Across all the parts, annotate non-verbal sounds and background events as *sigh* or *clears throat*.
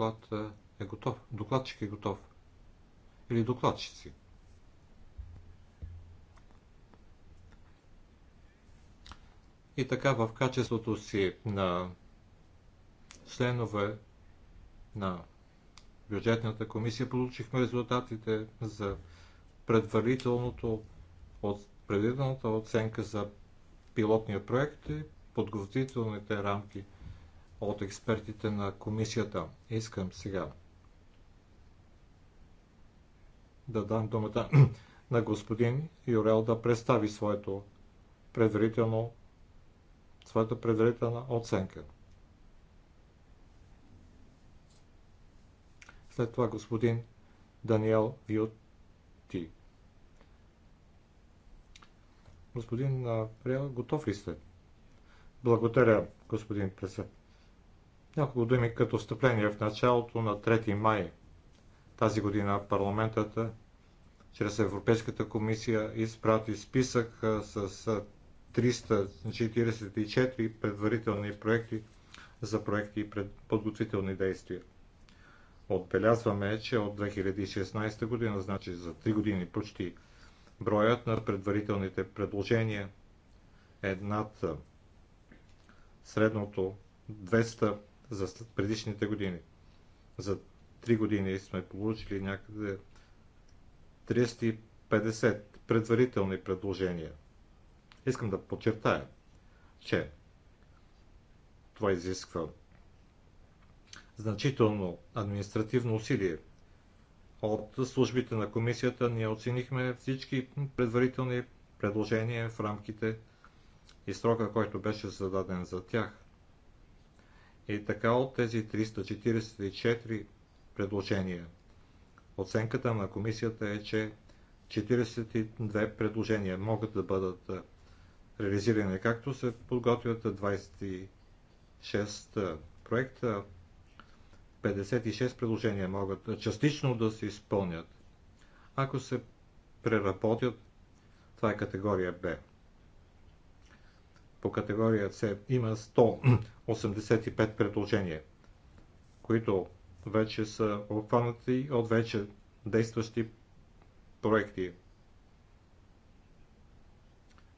доклад е, е готов. Докладчик е готов. Или докладчици. И така в качеството си на членове на бюджетната комисия получихме резултатите за предварителното от предварителната оценка за пилотния проект и подготвителните рамки – от експертите на комисията. Искам сега да дам думата *clears throat* на господин Юрел да представи своето предварително, своята предварителна оценка. След това господин Даниел Виоти. Господин Приел, готов ли сте? Благодаря, господин председател. Няколко думи като встъпление В началото на 3 май тази година парламентът е, чрез Европейската комисия изпрати списък е, с 344 е, предварителни проекти за проекти и подготвителни действия. Отбелязваме, че от 2016 година, значи за 3 години почти, броят на предварителните предложения е над средното 200 за предишните години. За 3 години сме получили някъде 350 предварителни предложения. Искам да подчертая, че това изисква значително административно усилие. От службите на комисията ние оценихме всички предварителни предложения в рамките и срока, който беше зададен за тях. И е така от тези 344 предложения. Оценката на комисията е, че 42 предложения могат да бъдат реализирани, както се подготвят 26 проекта. 56 предложения могат частично да се изпълнят. Ако се преработят, това е категория Б по категория С има 185 предложения, които вече са обхванати от вече действащи проекти,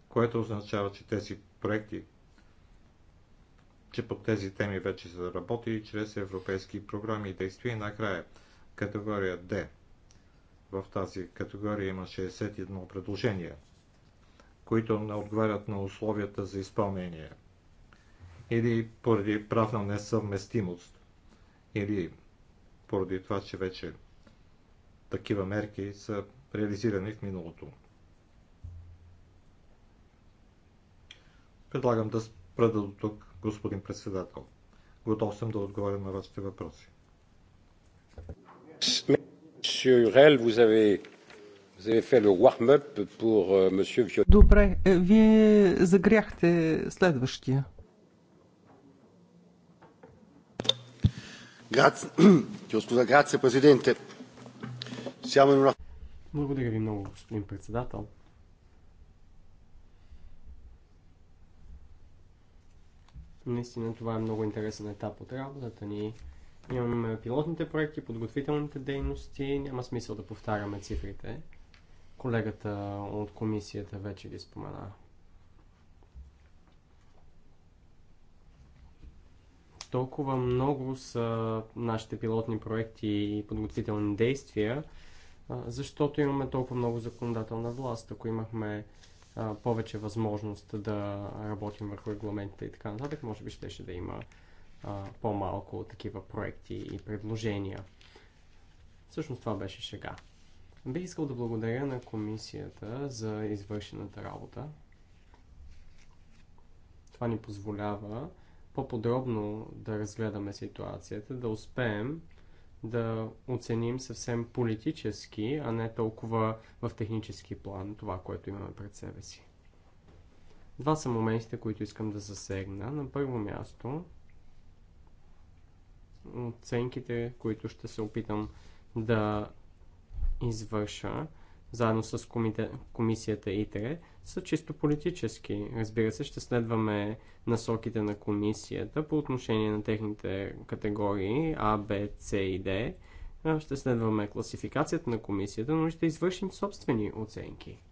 което означава, че тези проекти, че под тези теми вече са работи чрез европейски програми и действия. И накрая категория D. В тази категория има 61 предложения – които не отговарят на условията за изпълнение или поради правна несъвместимост или поради това, че вече такива мерки са реализирани в миналото. Предлагам да спреда до тук, господин председател. Готов съм да отговоря на вашите въпроси. Monsieur Hurel, vous avez Euh, Добре, е, вие загряхте следващия. *clears throat* Благодаря ви много, господин председател. Наистина това е много интересен етап от работата ни. Имаме пилотните проекти, подготвителните дейности. Няма смисъл да повтаряме цифрите. Колегата от комисията вече ги спомена. Толкова много са нашите пилотни проекти и подготвителни действия, защото имаме толкова много законодателна власт. Ако имахме повече възможност да работим върху регламентите и така нататък, може би ще, ще да има по-малко такива проекти и предложения. Всъщност това беше шега. Би искал да благодаря на комисията за извършената работа. Това ни позволява по-подробно да разгледаме ситуацията, да успеем да оценим съвсем политически, а не толкова в технически план това, което имаме пред себе си. Два са моментите, които искам да засегна. На първо място оценките, които ще се опитам да извършва заедно с комисията ИТРЕ са чисто политически. Разбира се, ще следваме насоките на комисията по отношение на техните категории А, Б, С и Д. Ще следваме класификацията на комисията, но ще извършим собствени оценки.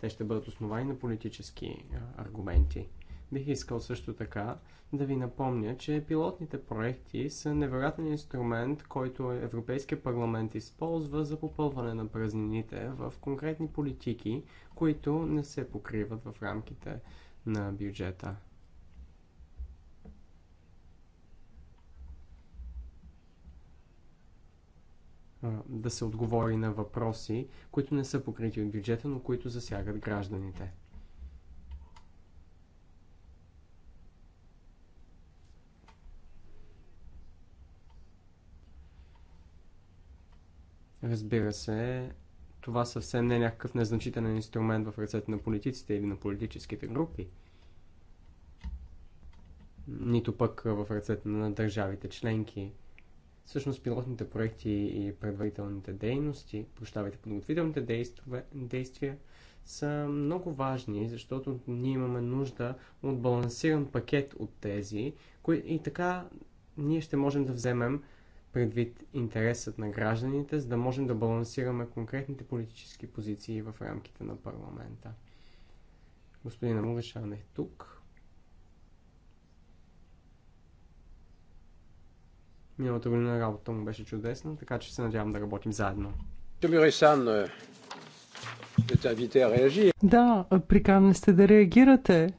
Те ще бъдат основани на политически аргументи. Бих искал също така да ви напомня, че пилотните проекти са невероятен инструмент, който Европейския парламент използва за попълване на празнините в конкретни политики, които не се покриват в рамките на бюджета. да се отговори на въпроси, които не са покрити от бюджета, но които засягат гражданите. Разбира се, това съвсем не е някакъв незначителен инструмент в ръцете на политиците или на политическите групи, нито пък в ръцете на държавите членки. Всъщност пилотните проекти и предварителните дейности, прощавайте, подготвителните действия, действия са много важни, защото ние имаме нужда от балансиран пакет от тези, кои, и така ние ще можем да вземем предвид интересът на гражданите, за да можем да балансираме конкретните политически позиции в рамките на парламента. Господин Амурешан е тук. Миналата година работа му беше чудесна, така че се надявам да работим заедно. Е, да, приканен сте да реагирате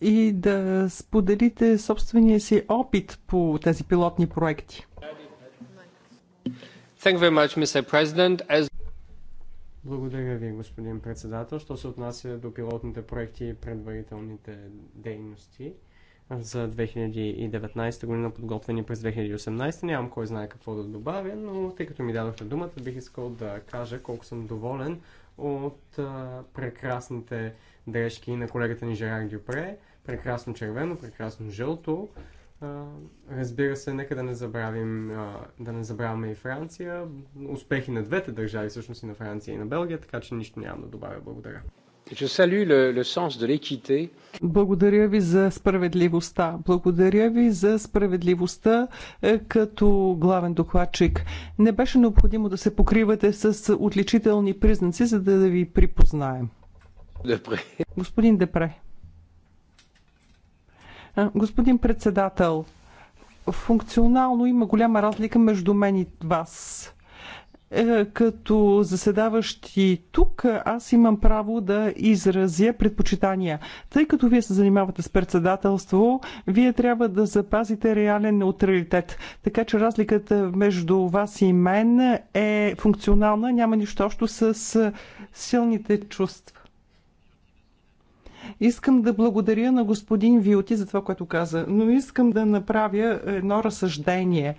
и да споделите собствения си опит по тези пилотни проекти. Благодаря ви, господин председател. Що се отнася до пилотните проекти и предварителните дейности за 2019 година, подготвени през 2018, нямам кой знае какво да добавя, но тъй като ми дадохте думата, бих искал да кажа колко съм доволен от а, прекрасните дрежки на колегата ни Жерар Дюпре. Прекрасно червено, прекрасно жълто. Разбира се, нека да не, забравим, да не забравяме и Франция. Успехи на двете държави, всъщност и на Франция и на Белгия, така че нищо няма да добавя. Благодаря. Благодаря ви за справедливостта. Благодаря ви за справедливостта е, като главен докладчик. Не беше необходимо да се покривате с отличителни признаци, за да ви припознаем. Депре. Господин Депре. Господин председател, функционално има голяма разлика между мен и вас. Е, като заседаващи тук, аз имам право да изразя предпочитания. Тъй като вие се занимавате с председателство, вие трябва да запазите реален неутралитет. Така че разликата между вас и мен е функционална, няма нищо общо с силните чувства. Искам да благодаря на господин Вилти за това, което каза, но искам да направя едно разсъждение.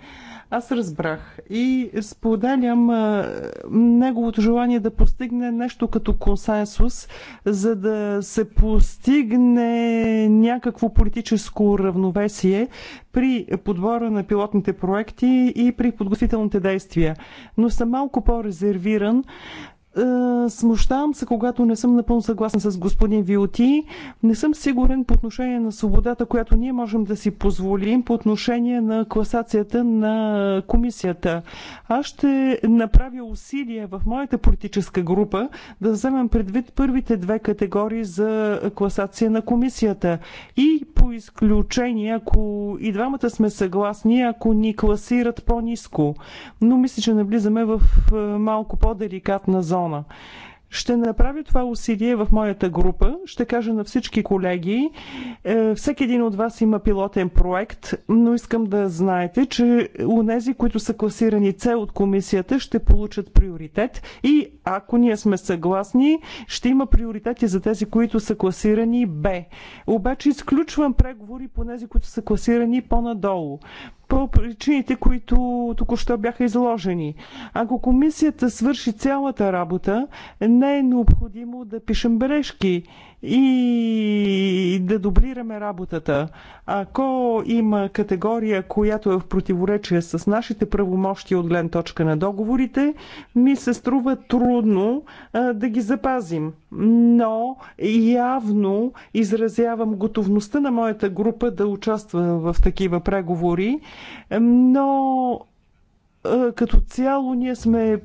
Аз разбрах и споделям неговото желание да постигне нещо като консенсус, за да се постигне някакво политическо равновесие при подбора на пилотните проекти и при подготвителните действия. Но съм малко по-резервиран е, смущавам се, когато не съм напълно съгласна с господин Виоти. Не съм сигурен по отношение на свободата, която ние можем да си позволим по отношение на класацията на комисията. Аз ще направя усилия в моята политическа група да вземем предвид първите две категории за класация на комисията. И по изключение, ако и двамата сме съгласни, ако ни класират по-низко. Но мисля, че навлизаме в е, малко по-деликатна зона сезона. Ще направя това усилие в моята група. Ще кажа на всички колеги. Е, всеки един от вас има пилотен проект, но искам да знаете, че унези, които са класирани цел от комисията, ще получат приоритет. И ако ние сме съгласни, ще има приоритети за тези, които са класирани Б. Обаче изключвам преговори по нези, които са класирани по-надолу по причините, които току-що бяха изложени. Ако комисията свърши цялата работа, не е необходимо да пишем бележки и да дублираме работата. Ако има категория, която е в противоречие с нашите правомощия от глен точка на договорите, ми се струва трудно а, да ги запазим. Но явно изразявам готовността на моята група да участва в такива преговори, но като цяло ние сме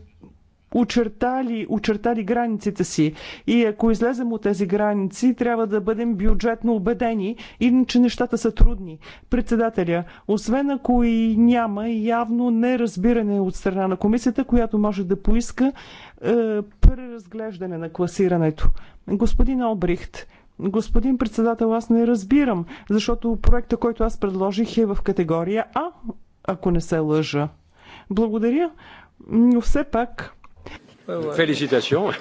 очертали, очертали границите си. И ако излезем от тези граници, трябва да бъдем бюджетно убедени, иначе нещата са трудни. Председателя, освен ако и няма явно неразбиране от страна на комисията, която може да поиска е, преразглеждане на класирането. Господин Обрихт, Господин председател, аз не разбирам, защото проекта, който аз предложих е в категория А, ако не се лъжа. Благодаря, но все пак Фелиситацион!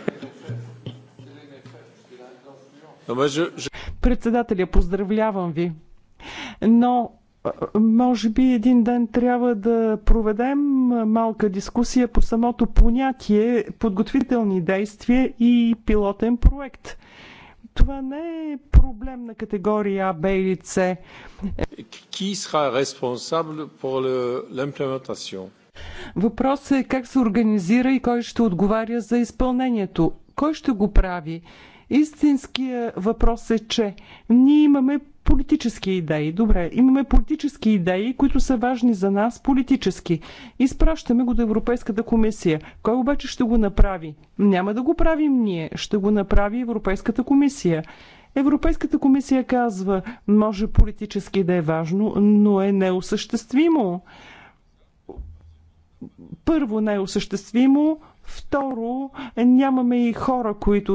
Председателя, поздравлявам ви. Но може би един ден трябва да проведем малка дискусия по самото понятие подготвителни действия и пилотен проект. Това не е проблем на категория А, Б или С. Кой ще responsable pour l'implémentation? Въпросът е как се организира и кой ще отговаря за изпълнението. Кой ще го прави? Истинския въпрос е, че ние имаме политически идеи. Добре, имаме политически идеи, които са важни за нас политически. Изпращаме го до Европейската комисия. Кой обаче ще го направи? Няма да го правим ние, ще го направи Европейската комисия. Европейската комисия казва, може политически да е важно, но е неосъществимо първо не осъществимо, Второ, нямаме и хора, които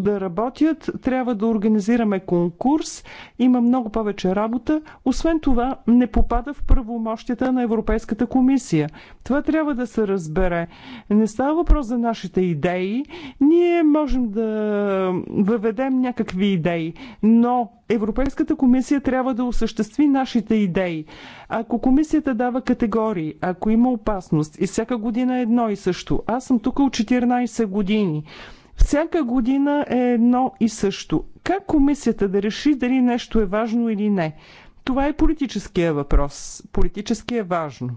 да работят. Трябва да организираме конкурс. Има много повече работа. Освен това, не попада в правомощията на Европейската комисия. Това трябва да се разбере. Не става въпрос за нашите идеи. Ние можем да въведем някакви идеи, но Европейската комисия трябва да осъществи нашите идеи. Ако комисията дава категории, ако има опасност и всяка година е едно и също, аз съм тук от 14 години. Всяка година е едно и също. Как комисията да реши дали нещо е важно или не? Това е политическия въпрос. Политически е важно.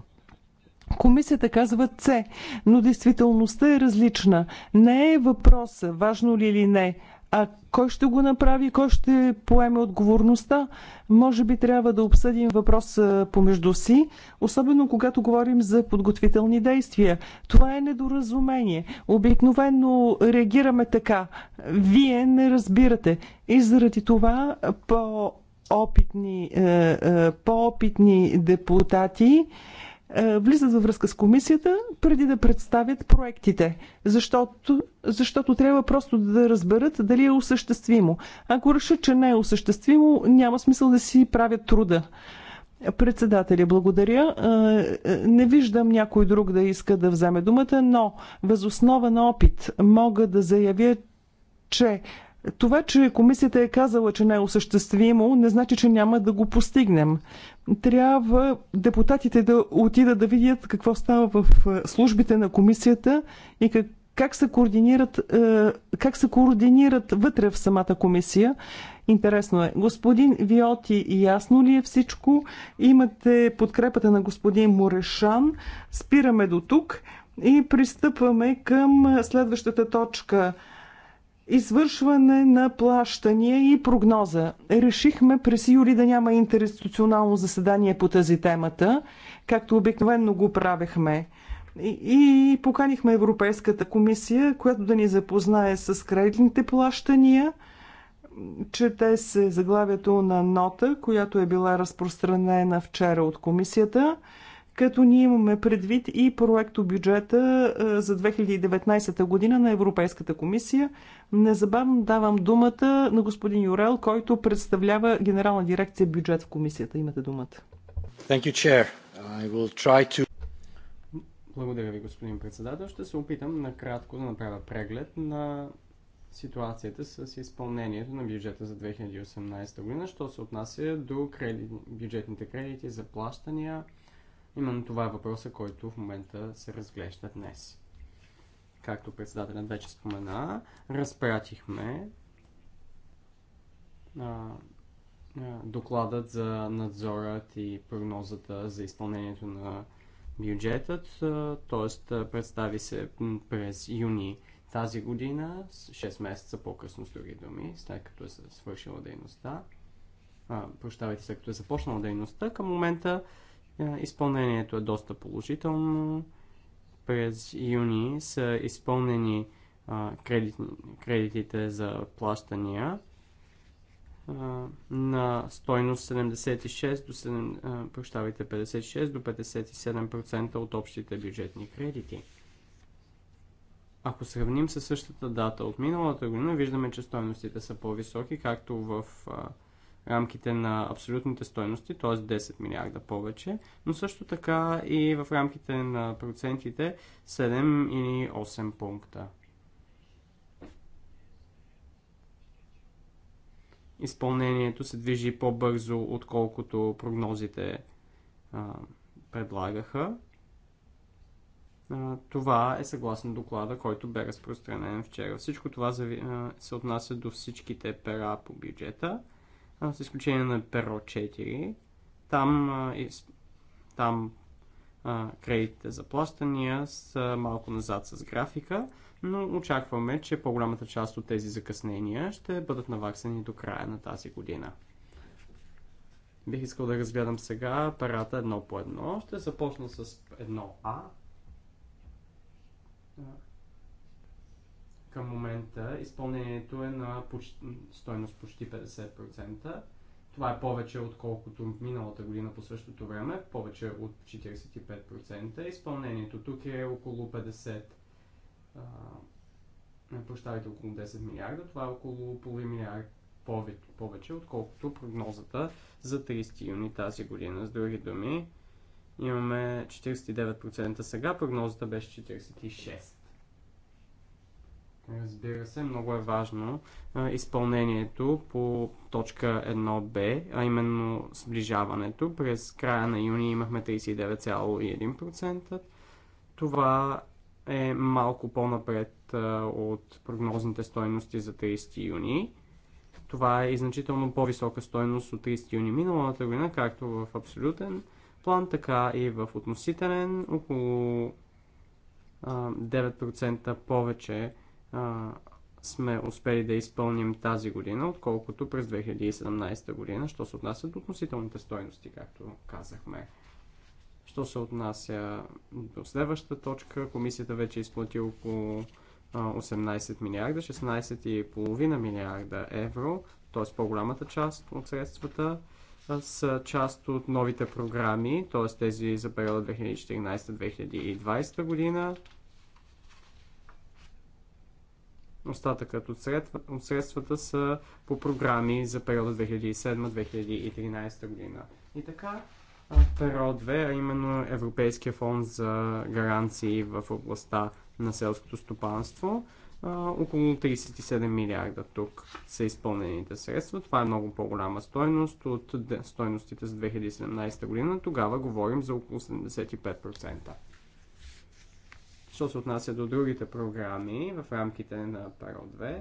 Комисията казва С, но действителността е различна. Не е въпроса важно ли или не, а кой ще го направи, кой ще поеме отговорността? Може би трябва да обсъдим въпрос помежду си, особено когато говорим за подготвителни действия. Това е недоразумение. Обикновено реагираме така. Вие не разбирате. И заради това по опитни, е, е, по-опитни депутати е, влизат във връзка с комисията преди да представят проектите, защото, защото трябва просто да разберат дали е осъществимо. Ако решат, че не е осъществимо, няма смисъл да си правят труда. Председателя, благодаря. Е, е, не виждам някой друг да иска да вземе думата, но възоснова на опит мога да заявя, че това, че комисията е казала, че не е осъществимо, не значи, че няма да го постигнем. Трябва депутатите да отидат да видят какво става в е, службите на комисията и как, как, се, координират, е, как се координират вътре в самата комисия. Интересно е. Господин Виоти, ясно ли е всичко? Имате подкрепата на господин Морешан. Спираме до тук и пристъпваме към следващата точка – извършване на плащания и прогноза. Решихме през юли да няма интерституционално заседание по тази темата, както обикновенно го правехме. И поканихме Европейската комисия, която да ни запознае с кредитните плащания. Чете се заглавието на нота, която е била разпространена вчера от комисията – като ние имаме предвид и проекто бюджета за 2019 година на Европейската комисия. Незабавно давам думата на господин Юрел, който представлява Генерална дирекция бюджет в комисията. Имате думата. Thank you, Chair. I will try to... Благодаря ви, господин председател. Ще се опитам накратко да направя преглед на ситуацията с изпълнението на бюджета за 2018 година, що се отнася до кредит, бюджетните кредити, за плащания, Именно това е въпроса, който в момента се разглежда днес. Както председателят вече спомена, разпратихме а, докладът за надзорът и прогнозата за изпълнението на бюджетът, т.е. представи се през юни тази година, 6 месеца по-късно с други думи, след като е свършила дейността, а, прощавайте, след като е започнала дейността, към момента е, изпълнението е доста положително. През юни са изпълнени а, кредит, кредитите за плащания а, на стойност 76 до 7, прощавайте, 56 до 57% от общите бюджетни кредити. Ако сравним със същата дата от миналата година, виждаме, че стойностите са по-високи, както в А, рамките на абсолютните стойности, т.е. 10 милиарда повече, но също така и в рамките на процентите 7 или 8 пункта. Изпълнението се движи по-бързо, отколкото прогнозите а, предлагаха. А, това е съгласно доклада, който бе разпространен вчера. Всичко това се отнася до всичките пера по бюджета с изключение на перо 4. Там, там кредитите за плащания са малко назад с графика, но очакваме, че по-голямата част от тези закъснения ще бъдат наваксани до края на тази година. Бих искал да разгледам сега парата едно по едно. Ще започна с едно А. Към момента изпълнението е на почти, стойност почти 50%. Това е повече отколкото миналата година по същото време, повече от 45%. Изпълнението тук е около 50 а, прощавайте, около 10 милиарда. Това е около половин милиард повече, повече, отколкото прогнозата за 30 юни тази година. С други думи, имаме 49% сега, прогнозата беше 46%. Разбира се, много е важно а, изпълнението по точка 1b, а именно сближаването. През края на юни имахме 39,1%. Това е малко по-напред от прогнозните стойности за 30 юни. Това е и значително по-висока стойност от 30 юни миналата година, както в абсолютен план, така и в относителен, около а, 9% повече а, сме успели да изпълним тази година, отколкото през 2017 година, що се отнася до относителните стойности, както казахме. Що се отнася до следващата точка, комисията вече е изплати около 18 милиарда, 16,5 милиарда евро, т.е. по-голямата част от средствата са част от новите програми, т.е. тези за периода 2014-2020 година, Остатъкът от, средства, от средствата са по програми за периода 2007-2013 година. И така, ПРО 2, а именно Европейския фонд за гаранции в областта на селското стопанство. Около 37 милиарда тук са изпълнените средства. Това е много по-голяма стойност от стойностите за 2017 година. Тогава говорим за около 75%. Що се отнася до другите програми в рамките на Паро 2,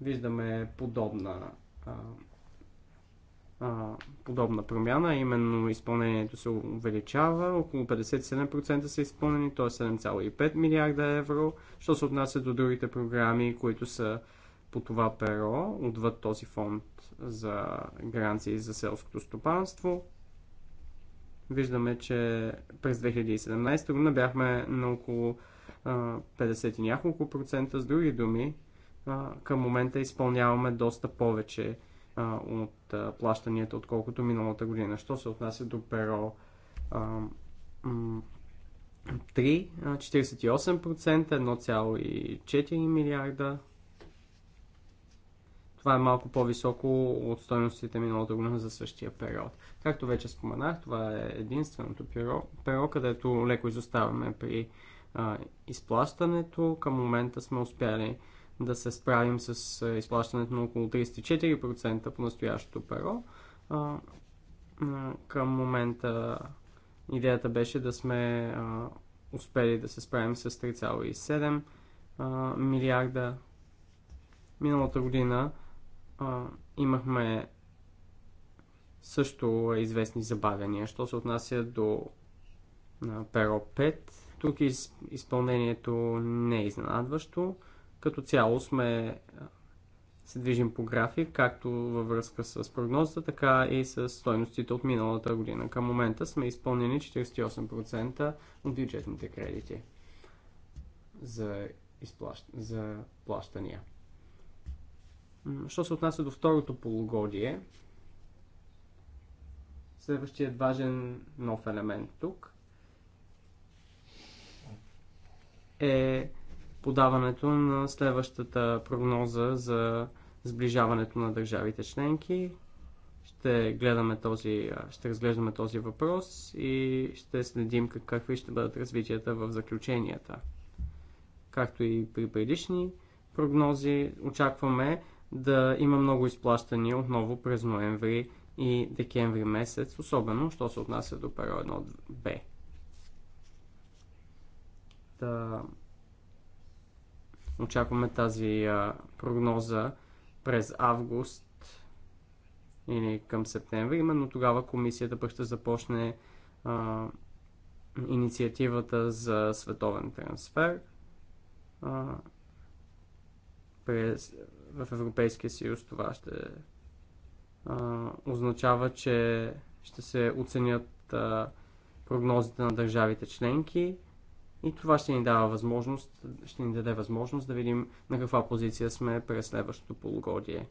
виждаме подобна, а, а, подобна промяна, именно изпълнението се увеличава, около 57% са изпълнени, т.е. 7,5 милиарда евро. Що се отнася до другите програми, които са по това перо, отвъд този фонд за гаранции за селското стопанство, виждаме, че през 2017 година бяхме на около 50 и няколко процента. С други думи, към момента изпълняваме доста повече от плащанията, отколкото миналата година. Що се отнася до перо 3, 48%, 1,4 милиарда. Това е малко по-високо от стоеностите миналата година за същия период. Както вече споменах, това е единственото перо, перо където леко изоставаме при а, изплащането. Към момента сме успяли да се справим с изплащането на около 34% по настоящото перо. А, към момента идеята беше да сме а, успели да се справим с 3,7 милиарда. Миналата година а, имахме също известни забавяния. Що се отнася до на перо 5, тук из, изпълнението не е изненадващо. Като цяло сме се движим по график, както във връзка с прогнозата, така и с стойностите от миналата година. Към момента сме изпълнени 48% от бюджетните кредити за, изплащ... за плащания. Що се отнася до второто полугодие, следващият важен нов елемент тук е подаването на следващата прогноза за сближаването на държавите членки. Ще, гледаме този, ще разглеждаме този въпрос и ще следим какви ще бъдат развитията в заключенията. Както и при предишни прогнози, очакваме да има много изплащания отново през ноември и декември месец, особено, що се отнася до перо 1-2. Та, очакваме тази а, прогноза през август или към септември. Именно тогава комисията пък ще започне а, инициативата за световен трансфер а, през, в Европейския съюз. Това ще а, означава, че ще се оценят а, прогнозите на държавите членки и това ще ни дава възможност, ще ни даде възможност да видим на каква позиция сме през следващото полугодие.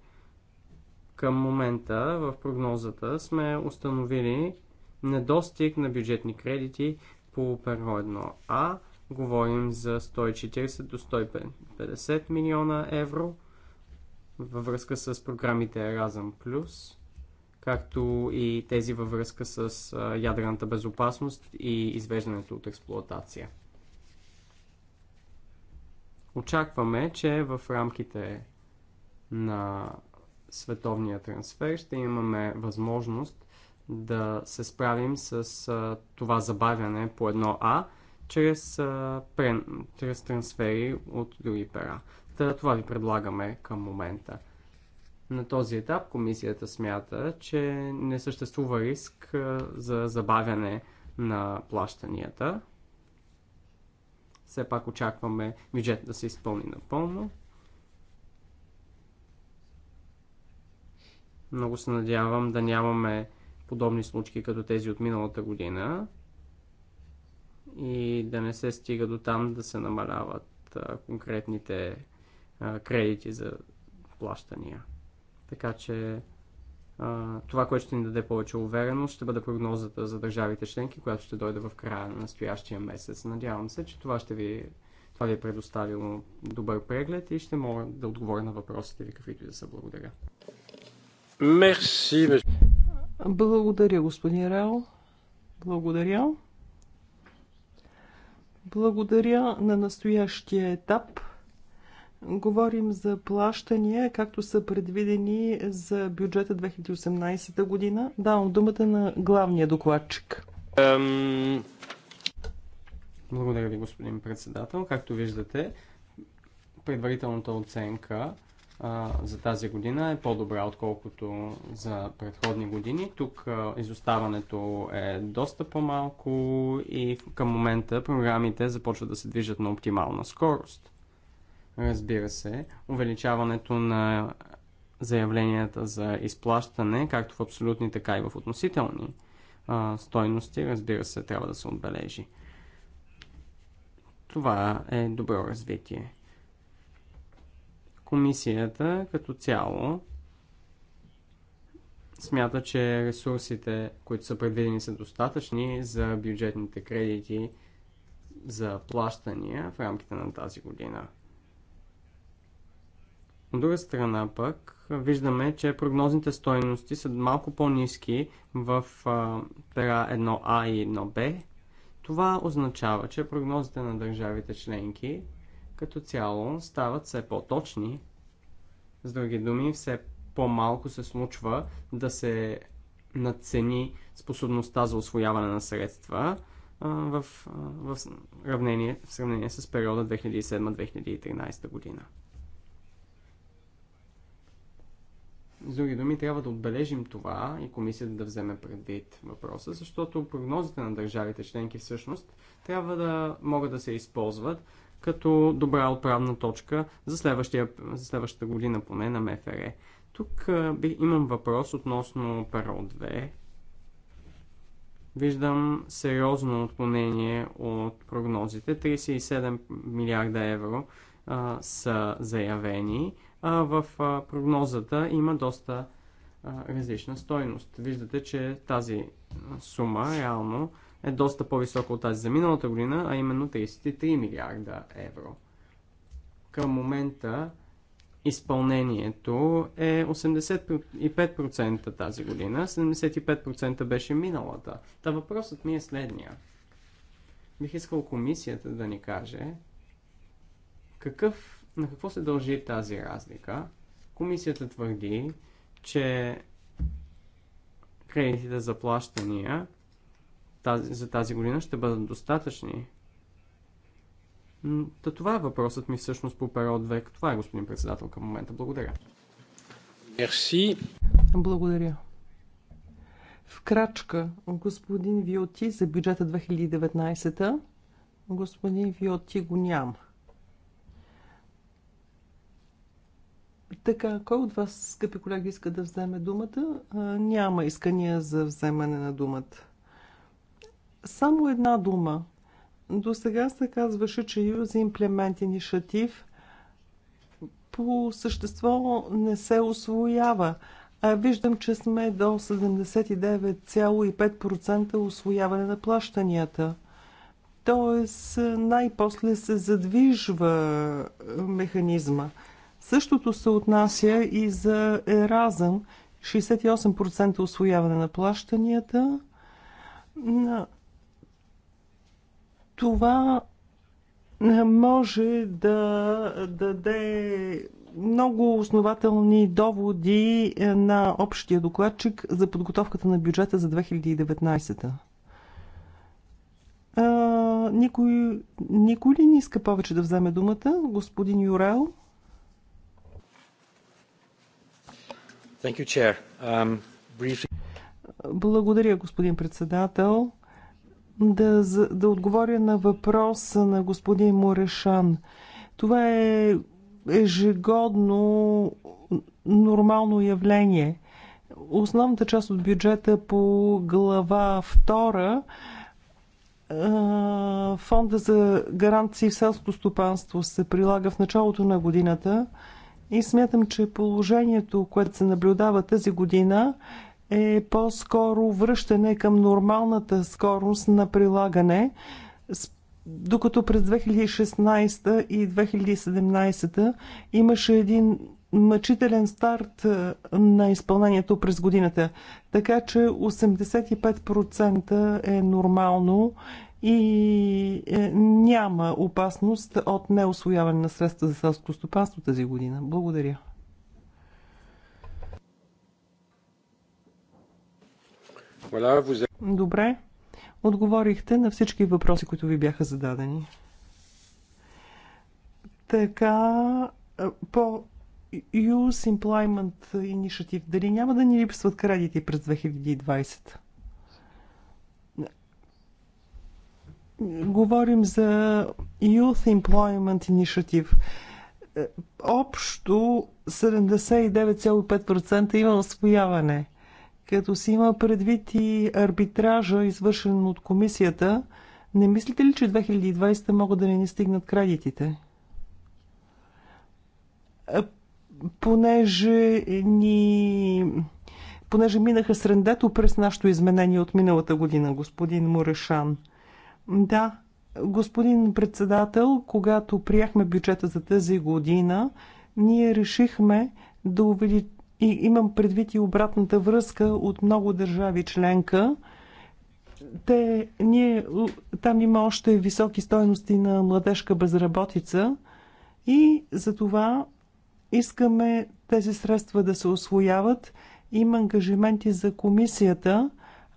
Към момента в прогнозата сме установили недостиг на бюджетни кредити по перо 1А. Говорим за 140 до 150 милиона евро във връзка с програмите Erasm+, както и тези във връзка с ядрената безопасност и извеждането от експлоатация. Очакваме, че в рамките на световния трансфер ще имаме възможност да се справим с а, това забавяне по едно А чрез, а, прен, чрез трансфери от други пера. Та, това ви предлагаме към момента. На този етап комисията смята, че не съществува риск а, за забавяне на плащанията, все пак очакваме бюджет да се изпълни напълно. Много се надявам да нямаме подобни случки като тези от миналата година и да не се стига до там да се намаляват а, конкретните а, кредити за плащания. Така че това, което ще ни даде повече увереност, ще бъде прогнозата за държавите членки, която ще дойде в края на настоящия месец. Надявам се, че това ще ви, това ви е предоставило добър преглед и ще мога да отговоря на въпросите ви, каквито и да са. Благодаря. Мерси. Благодаря, господин Рао. Благодаря. Благодаря на настоящия етап Говорим за плащания, както са предвидени за бюджета 2018 година. Давам думата на главния докладчик. Ем... Благодаря ви, господин председател. Както виждате, предварителната оценка а, за тази година е по-добра, отколкото за предходни години. Тук а, изоставането е доста по-малко и към момента програмите започват да се движат на оптимална скорост. Разбира се, увеличаването на заявленията за изплащане, както в абсолютни, така и в относителни а, стойности, разбира се, трябва да се отбележи. Това е добро развитие. Комисията като цяло смята, че ресурсите, които са предвидени, са достатъчни за бюджетните кредити за плащания в рамките на тази година. От друга страна пък, виждаме, че прогнозните стойности са малко по-низки в пера 1А и 1Б. Това означава, че прогнозите на държавите членки като цяло стават все по-точни. С други думи, все по-малко се случва да се надцени способността за освояване на средства а, в, а, в, равнение, в сравнение с периода 2007-2013 година. С други думи, трябва да отбележим това и комисията да вземе предвид въпроса, защото прогнозите на държавите членки всъщност трябва да могат да се използват като добра отправна точка за, за следващата година поне на МФР. Тук би, имам въпрос относно перо 2. Виждам сериозно отклонение от прогнозите. 37 милиарда евро а, са заявени а в прогнозата има доста различна стойност. Виждате, че тази сума реално е доста по-висока от тази за миналата година, а именно 33 милиарда евро. Към момента изпълнението е 85% тази година, 75% беше миналата. Та въпросът ми е следния. Бих искал комисията да ни каже какъв на какво се дължи тази разлика? Комисията твърди, че кредитите за плащания тази, за тази година ще бъдат достатъчни. Та това е въпросът ми всъщност по перо 2. Това е, господин председател, към момента. Благодаря. Мерси. Благодаря. В крачка, господин Виоти за бюджета 2019 -та. господин Виоти го няма. Така, кой от вас, скъпи колеги, иска да вземе думата? няма искания за вземане на думата. Само една дума. До сега се казваше, че Юзи Implement Initiative по същество не се освоява. А виждам, че сме до 79,5% освояване на плащанията. Тоест най-после се задвижва механизма. Същото се отнася и за Еразъм. 68% освояване на плащанията. Това може да даде много основателни доводи на общия докладчик за подготовката на бюджета за 2019 а, никой, никой ли не иска повече да вземе думата? Господин Юрел? Thank you, Chair. Um, Благодаря, господин председател. Да, да отговоря на въпроса на господин Морешан. Това е ежегодно нормално явление. Основната част от бюджета по глава 2 Фонда за гаранции в селското стопанство се прилага в началото на годината. И смятам, че положението, което се наблюдава тази година, е по-скоро връщане към нормалната скорост на прилагане, докато през 2016 и 2017 имаше един мъчителен старт е, на изпълнението през годината. Така че 85% е нормално и е, няма опасност от неосвояване на средства за селско стопанство тази година. Благодаря. Добре. Отговорихте на всички въпроси, които ви бяха зададени. Така, е, по Youth Employment Initiative, дали няма да ни липсват кредити през 2020? говорим за Youth Employment Initiative. Е, общо 79,5% има освояване. Като си има предвид и арбитража, извършен от комисията, не мислите ли, че 2020 могат да не ни стигнат кредитите? Е, понеже ни понеже минаха срендето през нашото изменение от миналата година, господин Морешан – да, господин председател, когато приехме бюджета за тази година, ние решихме да увеличим и имам предвид и обратната връзка от много държави членка. Те, ние, там има още високи стойности на младежка безработица и за това искаме тези средства да се освояват. Има ангажименти за комисията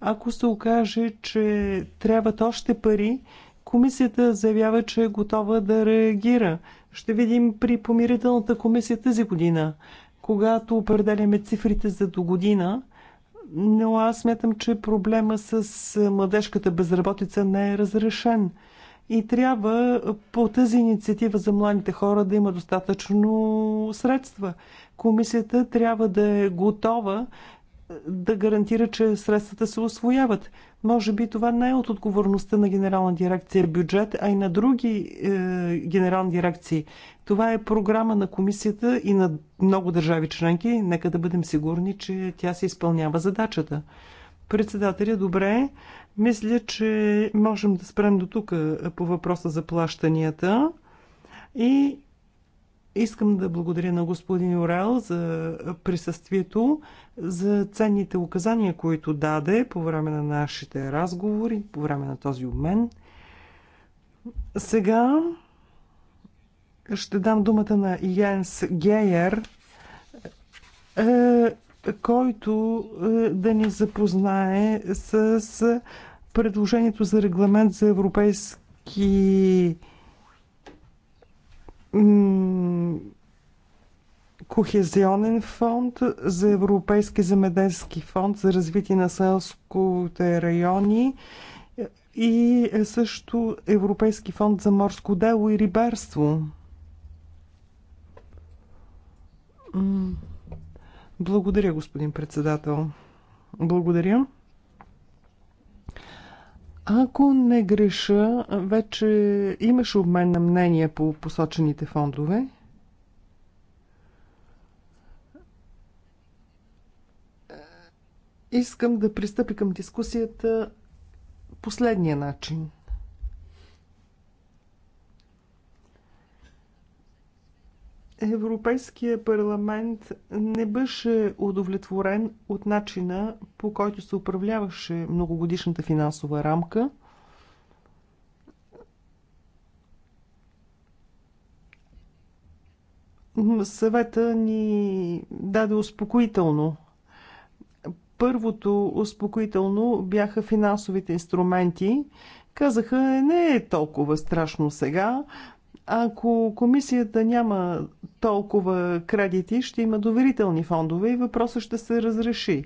ако се окаже, че трябват още пари, комисията заявява, че е готова да реагира. Ще видим при помирителната комисия тази година, когато определяме цифрите за до година. Но аз смятам, че проблема с младежката безработица не е разрешен. И трябва по тази инициатива за младите хора да има достатъчно средства. Комисията трябва да е готова да гарантира, че средствата се освояват. Може би това не е от отговорността на Генерална дирекция бюджет, а и на други е, генерални дирекции. Това е програма на комисията и на много държави членки. Нека да бъдем сигурни, че тя се изпълнява задачата. Председателя, добре. Мисля, че можем да спрем до тук е, по въпроса за плащанията. И Искам да благодаря на господин Орел за присъствието, за ценните указания, които даде по време на нашите разговори, по време на този обмен. Сега ще дам думата на Йенс Гейер, е, който е, да ни запознае с предложението за регламент за европейски Кохезионен фонд, за Европейски земеделски фонд за развитие на селските райони и също Европейски фонд за морско дело и рибарство. Благодаря, господин председател. Благодаря. Ако не греша, вече имаш обмен на мнение по посочените фондове. Искам да пристъпи към дискусията последния начин. Европейския парламент не беше удовлетворен от начина по който се управляваше многогодишната финансова рамка. Съвета ни даде успокоително Първото успокоително бяха финансовите инструменти. Казаха, не е толкова страшно сега. Ако комисията няма толкова кредити, ще има доверителни фондове и въпросът ще се разреши.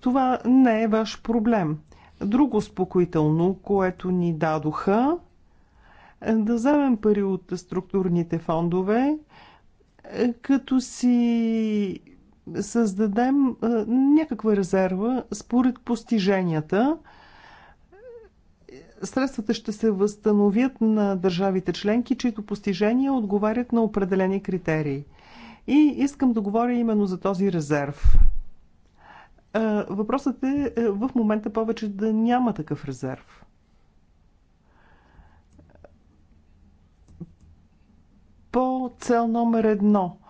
Това не е ваш проблем. Друго успокоително, което ни дадоха, е да вземем пари от структурните фондове, е, като си създадем някаква резерва според постиженията. Средствата ще се възстановят на държавите членки, чието постижения отговарят на определени критерии. И искам да говоря именно за този резерв. Въпросът е, е в момента повече да няма такъв резерв. По цел номер едно –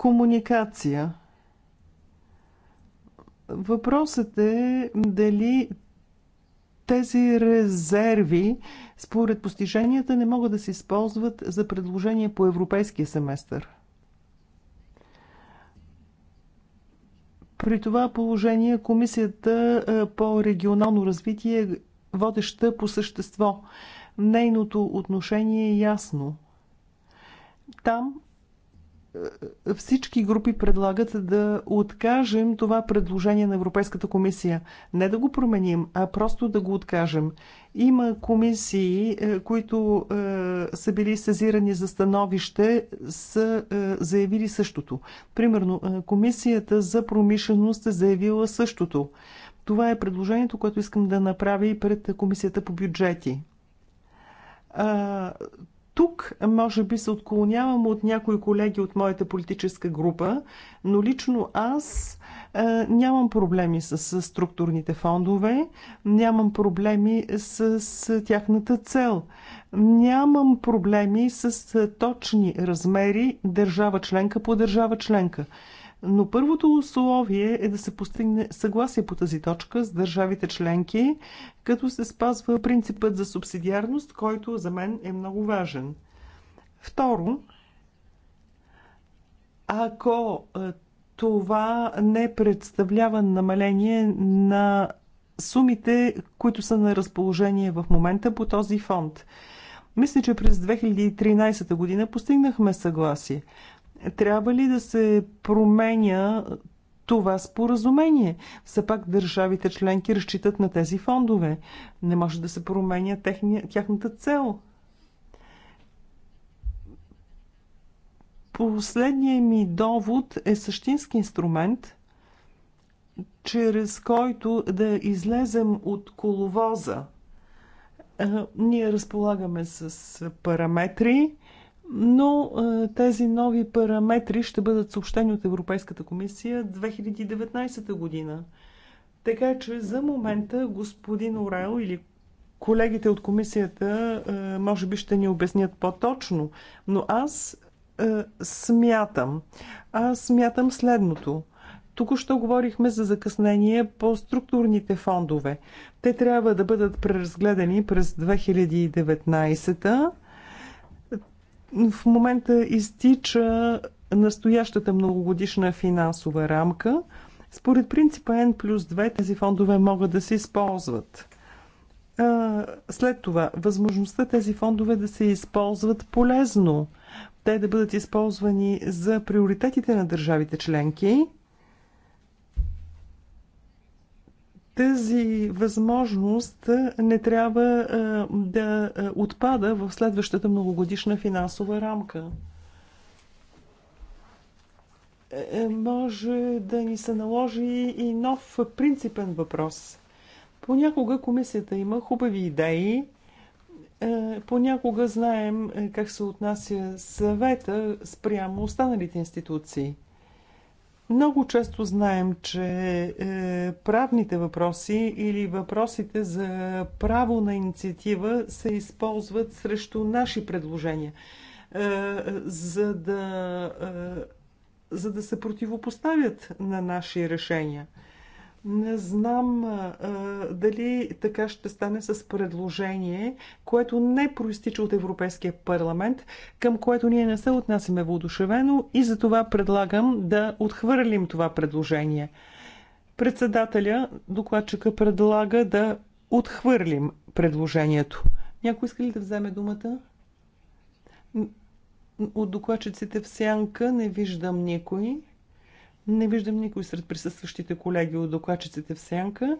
Комуникация. Въпросът е дали тези резерви, според постиженията, не могат да се използват за предложения по европейския семестър. При това положение Комисията е, по регионално развитие е водеща по същество. Нейното отношение е ясно. Там е, е, всички групи предлагат да откажем това предложение на Европейската комисия. Не да го променим, а просто да го откажем. Има комисии, е, които е, са били сезирани за становище, са е, заявили същото. Примерно, комисията за промишленост е заявила същото. Това е предложението, което искам да направя и пред комисията по бюджети. Тук, може би, се отклонявам от някои колеги от моята политическа група, но лично аз е, нямам проблеми с, с структурните фондове, нямам проблеми с, с тяхната цел, нямам проблеми с точни размери държава членка по държава членка. Но първото условие е да се постигне съгласие по тази точка с държавите членки, като се спазва принципът за субсидиарност, който за мен е много важен. Второ, ако е, това не представлява намаление на сумите, които са на разположение в момента по този фонд. Мисля, че през 2013 година постигнахме съгласие. Трябва ли да се променя това споразумение? Все пак държавите членки разчитат на тези фондове. Не може да се променя техния, тяхната цел. Последният ми довод е същински инструмент, чрез който да излезем от коловоза. Е, ние разполагаме с параметри, но е, тези нови параметри ще бъдат съобщени от Европейската комисия 2019 година. Така че за момента господин Орел или колегите от комисията е, може би ще ни обяснят по-точно, но аз е, смятам. Аз смятам следното. тук що говорихме за закъснение по структурните фондове. Те трябва да бъдат преразгледани през 2019 в момента изтича настоящата многогодишна финансова рамка. Според принципа N плюс 2 тези фондове могат да се използват. След това, възможността тези фондове да се използват полезно. Те да бъдат използвани за приоритетите на държавите членки – тази възможност не трябва да отпада в следващата многогодишна финансова рамка. Е, е, може да ни се наложи и нов принципен въпрос. Понякога комисията има хубави идеи, е, понякога знаем как се отнася съвета спрямо останалите институции – много често знаем, че е, правните въпроси или въпросите за право на инициатива се използват срещу наши предложения, е, за да, е, за да се противопоставят на наши решения – не знам а, дали така ще стане с предложение, което не проистича от Европейския парламент, към което ние не се отнасяме воодушевено и за това предлагам да отхвърлим това предложение. Председателя, докладчика предлага да отхвърлим предложението. Някой иска ли да вземе думата? От докладчиците в сянка не виждам никой. Не виждам никой сред присъстващите колеги от докладчиците в сянка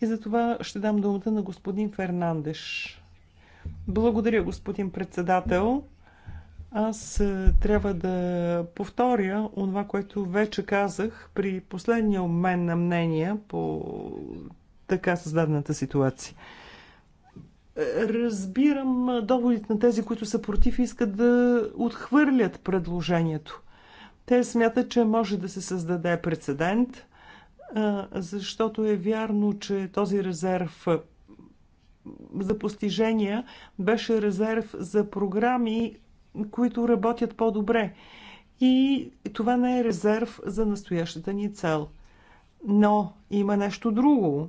и затова ще дам думата на господин Фернандеш. Благодаря, господин председател. Аз е, трябва да повторя онова, което вече казах при последния обмен на мнения по така създадената ситуация. Е, разбирам е, доводите на тези, които са против и искат да отхвърлят предложението. Те смятат, че може да се създаде прецедент, защото е вярно, че този резерв за постижения беше резерв за програми, които работят по-добре. И това не е резерв за настоящата ни цел. Но има нещо друго.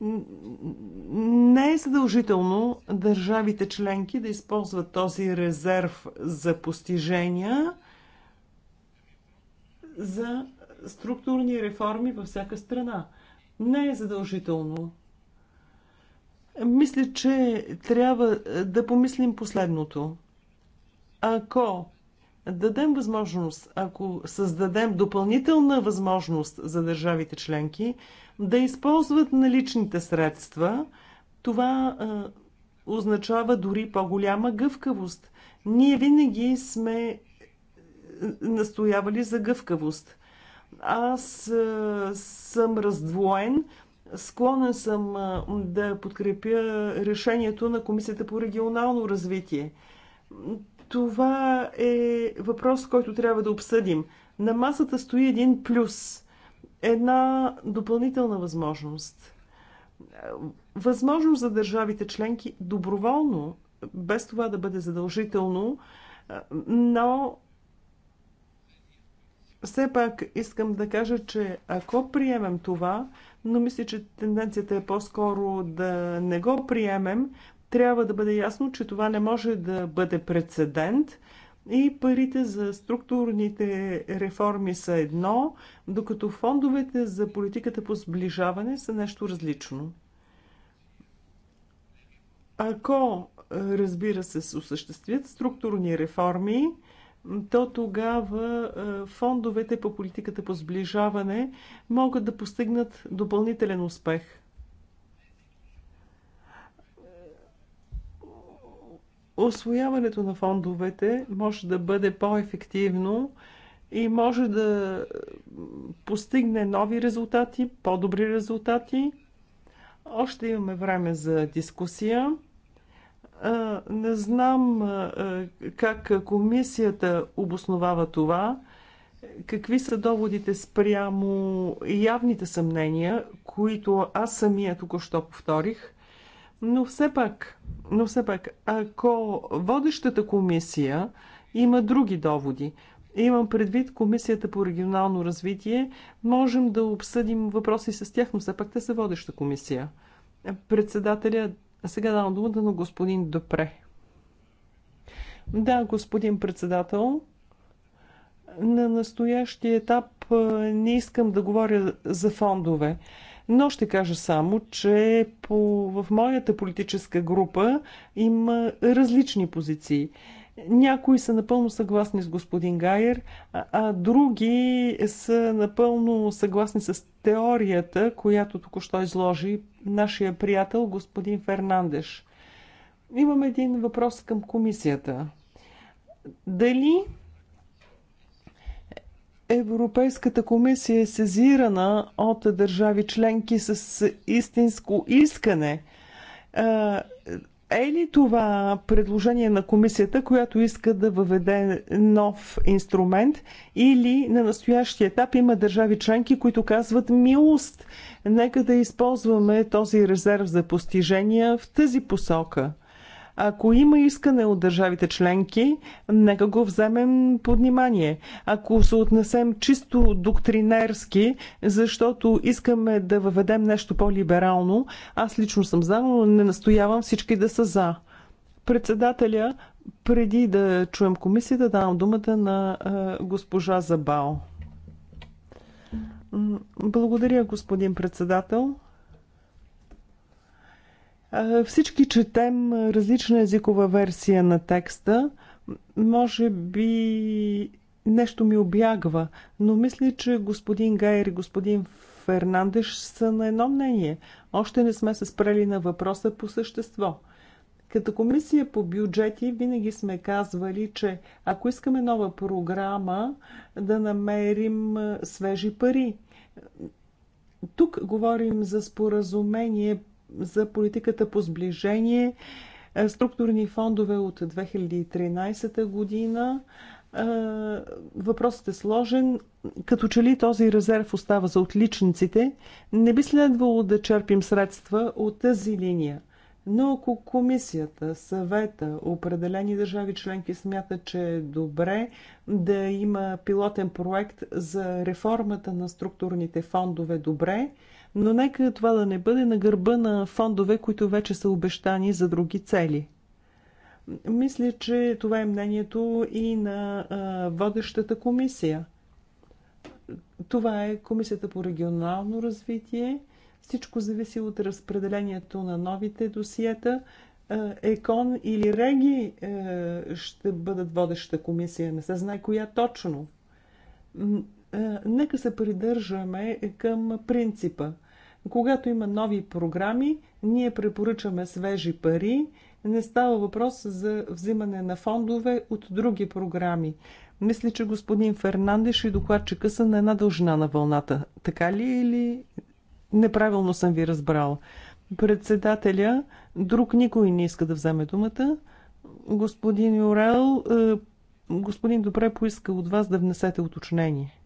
Не е задължително държавите членки да използват този резерв за постижения за структурни реформи във всяка страна. Не е задължително. Мисля, че трябва да помислим последното. Ако дадем възможност, ако създадем допълнителна възможност за държавите членки да използват наличните средства, това е, означава дори по-голяма гъвкавост. Ние винаги сме настоявали за гъвкавост. Аз съм раздвоен. Склонен съм да подкрепя решението на Комисията по регионално развитие. Това е въпрос, който трябва да обсъдим. На масата стои един плюс, една допълнителна възможност. Възможност за държавите членки доброволно, без това да бъде задължително, но все пак искам да кажа, че ако приемем това, но мисля, че тенденцията е по-скоро да не го приемем, трябва да бъде ясно, че това не може да бъде прецедент и парите за структурните реформи са едно, докато фондовете за политиката по сближаване са нещо различно. Ако, разбира се, осъществят структурни реформи, то тогава е, фондовете по политиката по сближаване могат да постигнат допълнителен успех. Освояването на фондовете може да бъде по-ефективно и може да постигне нови резултати, по-добри резултати. Още имаме време за дискусия. Не знам как комисията обосновава това, какви са доводите спрямо явните съмнения, които аз самия току-що повторих. Но все пак, но все пак, ако водещата комисия има други доводи, имам предвид комисията по регионално развитие, можем да обсъдим въпроси с тях, но все пак те са водеща комисия. Председателя, сега давам думата на господин Допре. Да, господин председател, на настоящия етап не искам да говоря за фондове, но ще кажа само, че по, в моята политическа група има различни позиции. Някои са напълно съгласни с господин Гайер, а, а други са напълно съгласни с теорията, която току-що изложи нашия приятел господин Фернандеш. Имам един въпрос към комисията. Дали Европейската комисия е сезирана от държави членки с истинско искане? Е ли това предложение на комисията, която иска да въведе нов инструмент или на настоящия етап има държави членки, които казват милост, нека да използваме този резерв за постижения в тази посока – ако има искане от държавите членки, нека го вземем под внимание. Ако се отнесем чисто доктринерски, защото искаме да въведем нещо по-либерално, аз лично съм за, но не настоявам всички да са за. Председателя, преди да чуем комисията, давам думата на госпожа Забао. Благодаря, господин председател. Всички четем различна езикова версия на текста. Може би нещо ми обягва, но мисля, че господин Гайер и господин Фернандеш са на едно мнение. Още не сме се спрели на въпроса по същество. Като комисия по бюджети винаги сме казвали, че ако искаме нова програма, да намерим свежи пари. Тук говорим за споразумение за политиката по сближение, е, структурни фондове от 2013 година. Е, въпросът е сложен. Като че ли този резерв остава за отличниците, не би следвало да черпим средства от тази линия. Но ако комисията, съвета, определени държави членки смятат, че е добре да има пилотен проект за реформата на структурните фондове, добре, но нека това да не бъде на гърба на фондове, които вече са обещани за други цели. Мисля, че това е мнението и на а, водещата комисия. Това е Комисията по регионално развитие. Всичко зависи от разпределението на новите досиета. ЕКОН или РЕГИ е, ще бъдат водеща комисия. Не се знае коя точно. Нека се придържаме към принципа. Когато има нови програми, ние препоръчаме свежи пари. Не става въпрос за взимане на фондове от други програми. Мисля, че господин Фернандеш и докладчика са на една дължина на вълната. Така ли или неправилно съм ви разбрал? Председателя, друг никой не иска да вземе думата. Господин Юрел, е, господин Добре поиска от вас да внесете уточнение.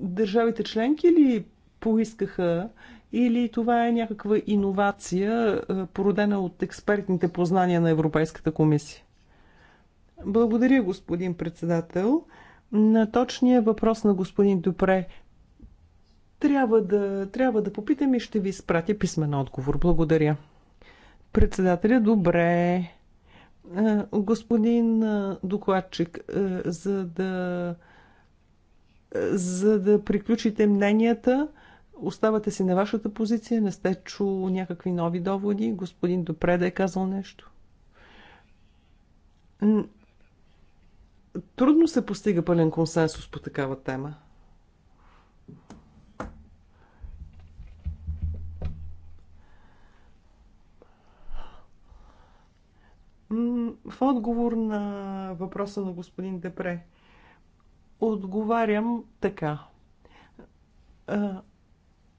държавите членки ли поискаха или това е някаква иновация, е, породена от експертните познания на Европейската комисия? Благодаря, господин председател. На точния въпрос на господин Допре трябва да, трябва да попитам и ще ви спратя писмен отговор. Благодаря. Председателя, добре. Е, господин е, докладчик, за да за да приключите мненията. Оставате си на вашата позиция, не сте чул някакви нови доводи. Господин Допре да е казал нещо. Трудно се постига пълен консенсус по такава тема. В отговор на въпроса на господин Депре – отговарям така.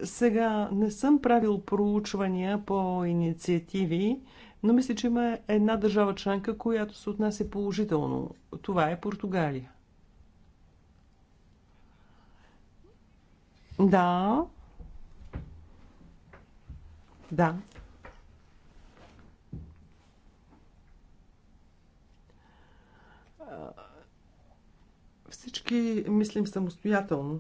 Сега не съм правил проучвания по инициативи, но мисля, че има една държава членка, която се отнася положително. Това е Португалия. Да. Да. Uh всички мислим самостоятелно.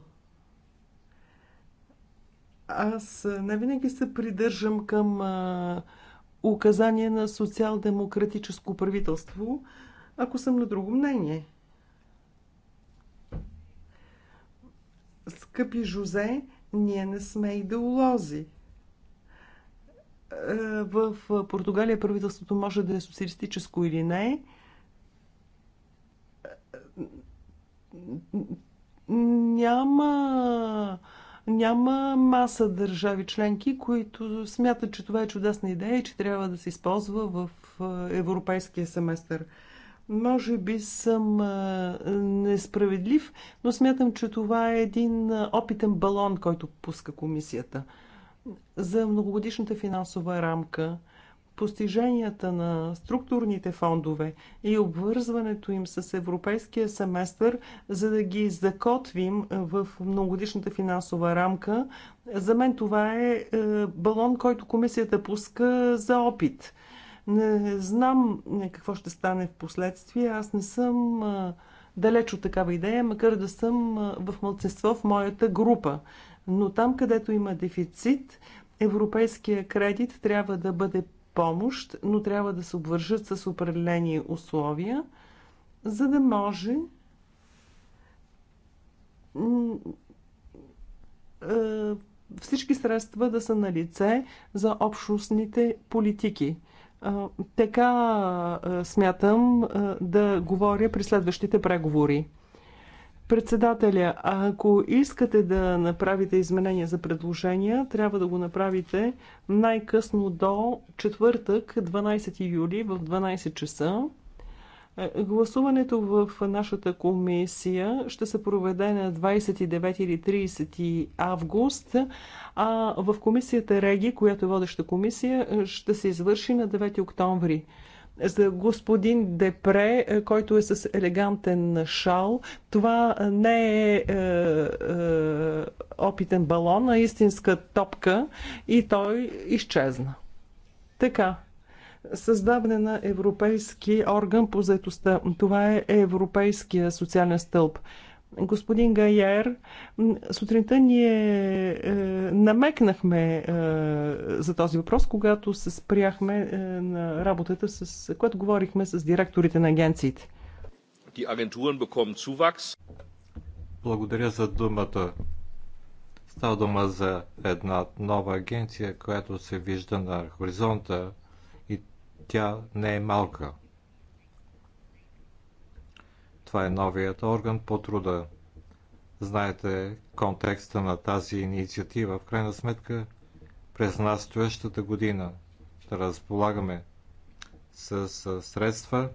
Аз не винаги се придържам към а, указания на социал-демократическо правителство, ако съм на друго мнение. Скъпи Жозе, ние не сме идеолози. В Португалия правителството може да е социалистическо или не, няма няма маса държави членки, които смятат, че това е чудесна идея и че трябва да се използва в европейския семестър. Може би съм несправедлив, но смятам, че това е един опитен балон, който пуска комисията. За многогодишната финансова рамка постиженията на структурните фондове и обвързването им с европейския семестър, за да ги закотвим в многодишната финансова рамка, за мен това е, е балон, който комисията пуска за опит. Не знам е, какво ще стане в последствие. Аз не съм е, далеч от такава идея, макар да съм в мълцинство в моята група. Но там, където има дефицит, европейския кредит трябва да бъде помощ, но трябва да се обвържат с определени условия, за да може всички средства да са на лице за общностните политики. Така смятам да говоря при следващите преговори. Председателя, ако искате да направите изменения за предложения, трябва да го направите най-късно до четвъртък, 12 юли в 12 часа. Е, гласуването в нашата комисия ще се проведе на 29 или 30 август, а в комисията Реги, която е водеща комисия, ще се извърши на 9 октомври за господин Депре, е, който е с елегантен шал. Това не е, е, е опитен балон, а истинска топка и той изчезна. Така. Създаване на европейски орган по заетостта. Това е Европейския социален стълб господин Гайер, сутринта ние е, намекнахме е, за този въпрос, когато се спряхме е, на работата, с която говорихме с директорите на агенциите. Благодаря за думата. Става дума за една нова агенция, която се вижда на хоризонта и тя не е малка. Това е новият орган по труда. Знаете контекста на тази инициатива. В крайна сметка, през настоящата година да разполагаме с средства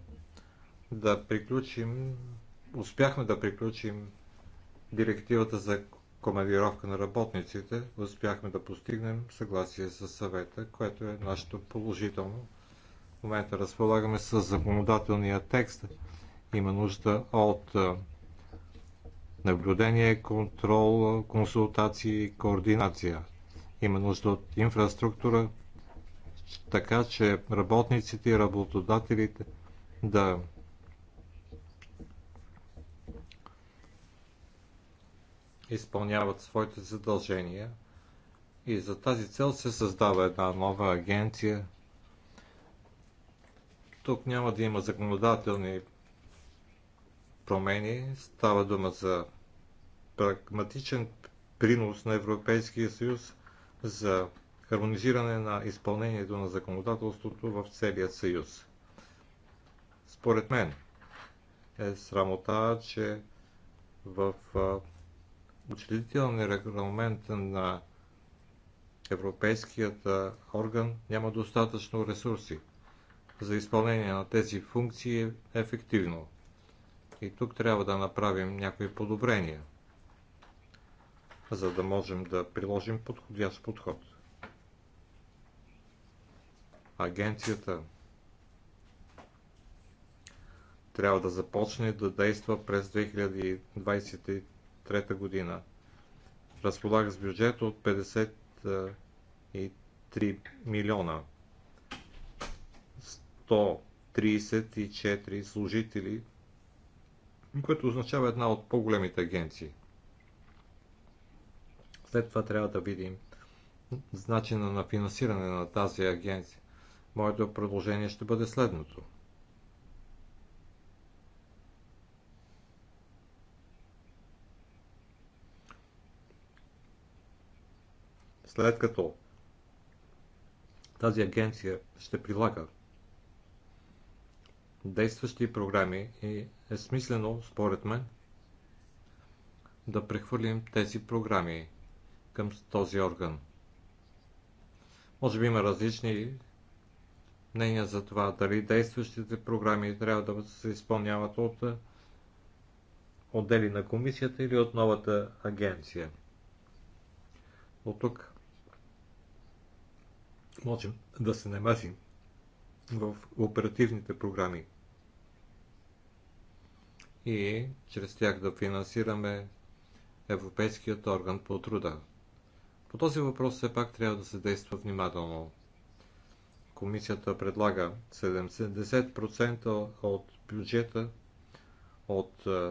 да приключим, успяхме да приключим директивата за командировка на работниците, успяхме да постигнем съгласие с съвета, което е нашето положително. В момента разполагаме с законодателния текст – има нужда от наблюдение, контрол, консултации и координация. Има нужда от инфраструктура, така че работниците и работодателите да изпълняват своите задължения и за тази цел се създава една нова агенция. Тук няма да има законодателни промени. Става дума за прагматичен принос на Европейския съюз за хармонизиране на изпълнението на законодателството в целия съюз. Според мен е срамота, че в учредителния регламент на Европейският орган няма достатъчно ресурси за изпълнение на тези функции ефективно. И Тук трябва да направим някои подобрения, за да можем да приложим подходящ подход. Агенцията трябва да започне да действа през 2023 година. Разполага с бюджет от 53 милиона. 134 служители което означава една от по-големите агенции. След това трябва да видим начина на финансиране на тази агенция. Моето предложение ще бъде следното. След като тази агенция ще прилага действащи програми и е смислено, според мен, да прехвърлим тези програми към този орган. Може би има различни мнения за това, дали действащите програми трябва да се изпълняват от е, отдели на комисията или от новата агенция. От тук можем да се намазим в оперативните програми и чрез тях да финансираме Европейският орган по труда. По този въпрос все пак трябва да се действа внимателно. Комисията предлага 70% от бюджета от е,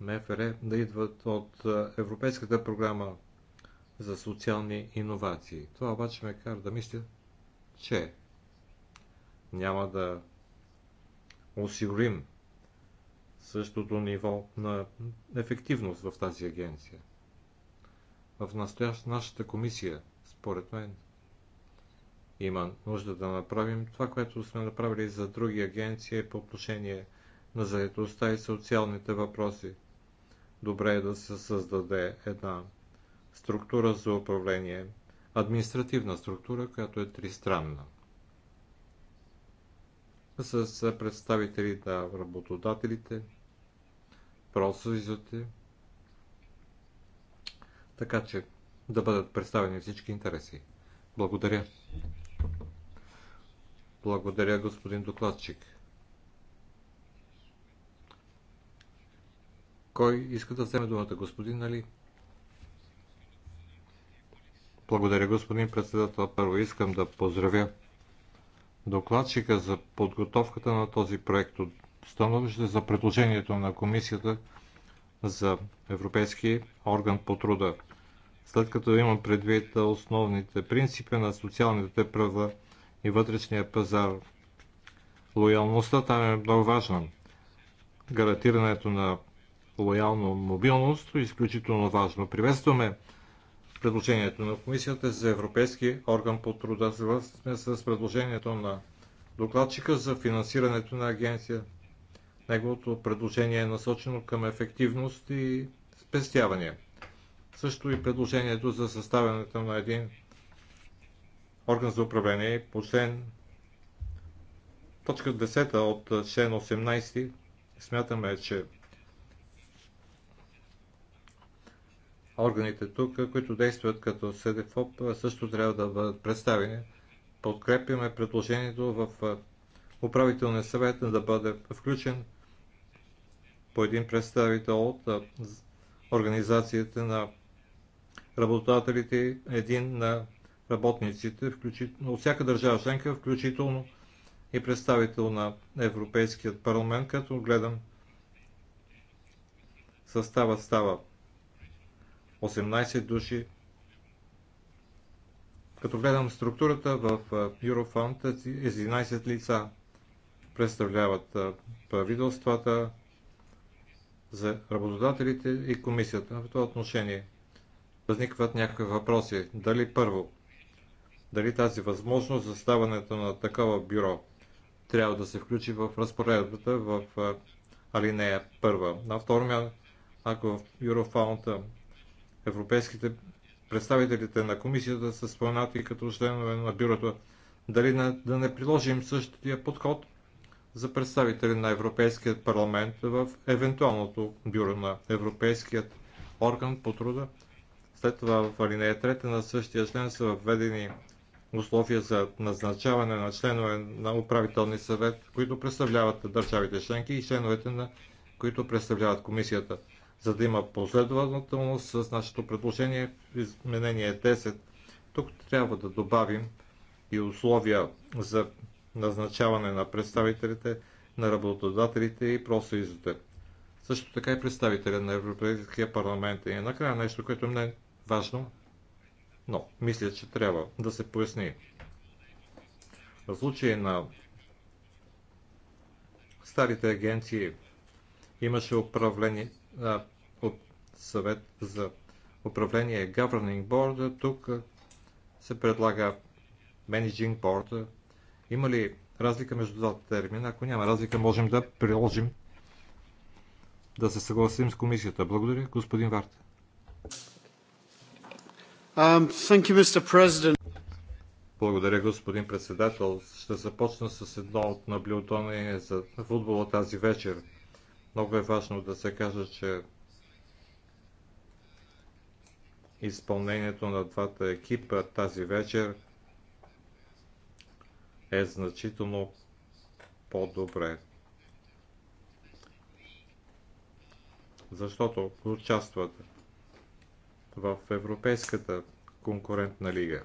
МФР да идват от е, Европейската програма за социални иновации. Това обаче ме кара да мисля, че няма да осигурим същото ниво на ефективност в тази агенция. В настоящ нашата комисия, според мен, има нужда да направим това, което сме направили за други агенции по отношение на заедостта и социалните въпроси. Добре е да се създаде една структура за управление, административна структура, която е тристранна с представители на работодателите, профсъюзите, така че да бъдат представени всички интереси. Благодаря. Благодаря, господин докладчик. Кой иска да вземе думата, господин нали? Благодаря, господин председател. Първо искам да поздравя докладчика за подготовката на този проект от становище за предложението на Комисията за Европейски орган по труда. След като имам предвид основните принципи на социалните права и вътрешния пазар, лоялността там е много важна. Гарантирането на лоялна мобилност е изключително важно. Приветстваме предложението на Комисията за Европейски орган по труда. сме с предложението на докладчика за финансирането на агенция. Неговото предложение е насочено към ефективност и спестявания. Също и предложението за съставянето на един орган за управление по член точка 10 от член 18 смятаме, че органите тук, които действат като СДФОП, също трябва да бъдат представени. Подкрепяме предложението в управителния съвет да бъде включен по един представител от организацията на работодателите, един на работниците, включително, от всяка държава членка, включително и представител на Европейският парламент, като гледам състава става 18 души. Като гледам структурата в Eurofund, 11 лица представляват правителствата за работодателите и комисията. В това отношение възникват някакви въпроси. Дали първо, дали тази възможност за ставането на такова бюро трябва да се включи в разпоредбата в алинея първа. На второ място, ако в Eurofound европейските представителите на комисията са споменати като членове на бюрото. Дали на, да не приложим същия подход за представители на Европейският парламент в евентуалното бюро на Европейският орган по труда? След това в алинея 3 на същия член са введени условия за назначаване на членове на управителни съвет, които представляват държавите членки и членовете на които представляват комисията за да има последователност с нашето предложение в изменение 10. Е Тук трябва да добавим и условия за назначаване на представителите на работодателите и профсъюзите. Също така и представителя на Европейския парламент. И накрая нещо, което не е важно, но мисля, че трябва да се поясни. В случай на старите агенции имаше управление, а, от съвет за управление Governing Board. Тук се предлага Managing Board. Има ли разлика между двата термина? Ако няма разлика, можем да приложим да се съгласим с комисията. Благодаря, господин Варт. Um, Благодаря, господин председател. Ще започна с едно от наблюдение за футбола тази вечер. Много е важно да се каже, че изпълнението на двата екипа тази вечер е значително по-добре. Защото участват в Европейската конкурентна лига.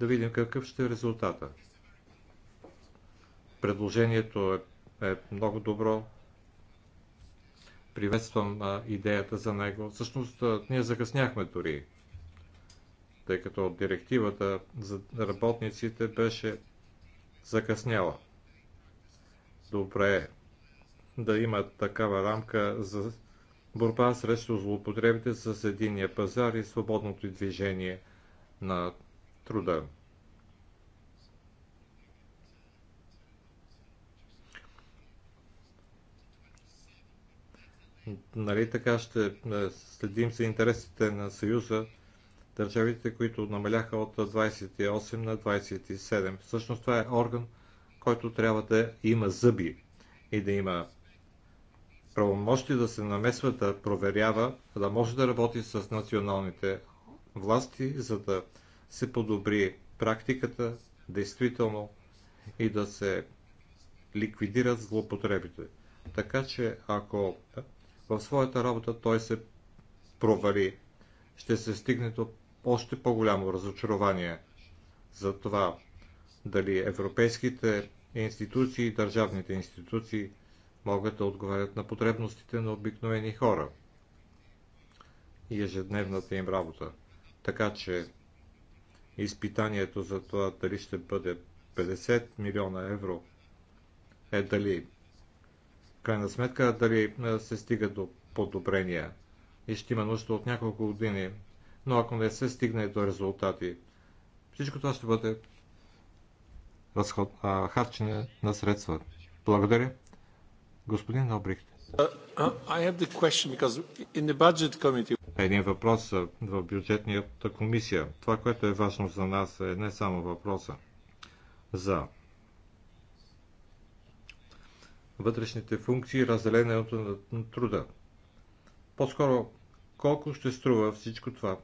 Да видим какъв ще е резултата. Предложението е, е много добро, Приветствам идеята за него. Всъщност, ние закъсняхме дори, тъй като директивата за работниците беше закъсняла. Добре е да има такава рамка за борба срещу злоупотребите с единия пазар и свободното движение на труда. Нали така ще е, следим за интересите на Съюза, държавите, които намаляха от 28 на 27. Всъщност това е орган, който трябва да има зъби и да има правомощи да се намесва, да проверява, да може да работи с националните власти, за да се подобри практиката, действително и да се ликвидират злопотребите. Така че ако в своята работа той се провали. Ще се стигне до още по-голямо разочарование за това дали европейските институции и държавните институции могат да отговарят на потребностите на обикновени хора и ежедневната им работа. Така че изпитанието за това дали ще бъде 50 милиона евро е дали крайна сметка дали се стига до подобрения и ще има нужда от няколко години. Но ако не се стигне до резултати, всичко това ще бъде разход, а, харчене на средства. Благодаря. Господин Обрихт. Uh, uh, Един въпрос в бюджетната комисия. Това, което е важно за нас е не само въпроса за вътрешните функции и разделението на е труда. По-скоро, колко ще струва всичко това?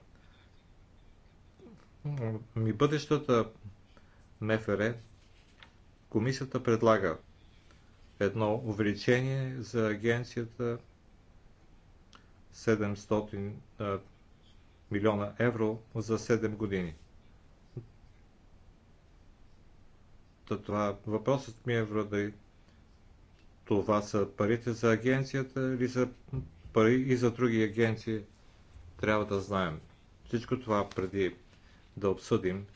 Ми бъдещата МФР комисията предлага едно увеличение за агенцията 700 а, милиона евро за 7 години. Та това въпросът ми е вроде това са парите за агенцията или за пари и за други агенции. Трябва да знаем всичко това преди да обсъдим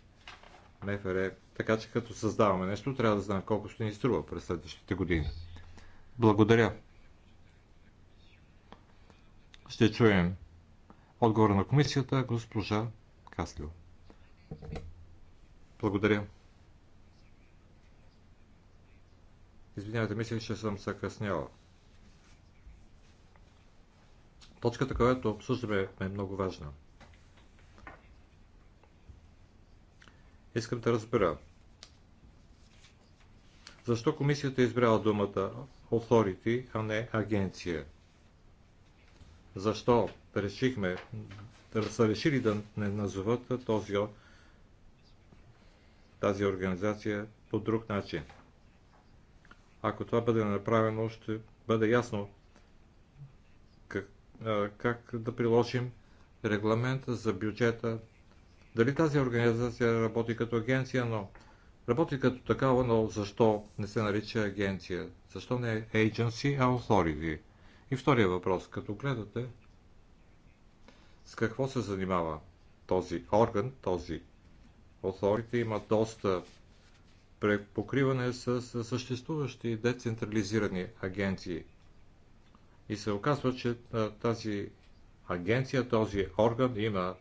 МФР. Така че като създаваме нещо, трябва да знаем колко ще ни струва през следващите години. Благодаря. Ще чуем отговора на комисията госпожа Каслио. Благодаря. Извинявайте, мисля, че съм съкъсняла. Точката, която обсъждаме, е много важна. Искам да разбера. Защо комисията е избрала думата authority, а не агенция? Защо решихме, да са решили да не назоват този, тази организация по друг начин? Ако това бъде направено, ще бъде ясно как, как да приложим регламента за бюджета. Дали тази организация работи като агенция, но работи като такава, но защо не се нарича агенция? Защо не е agency, а authority? И втория въпрос, като гледате, с какво се занимава този орган, този authority има доста покриване с съществуващи децентрализирани агенции. И се оказва, че тази агенция, този орган има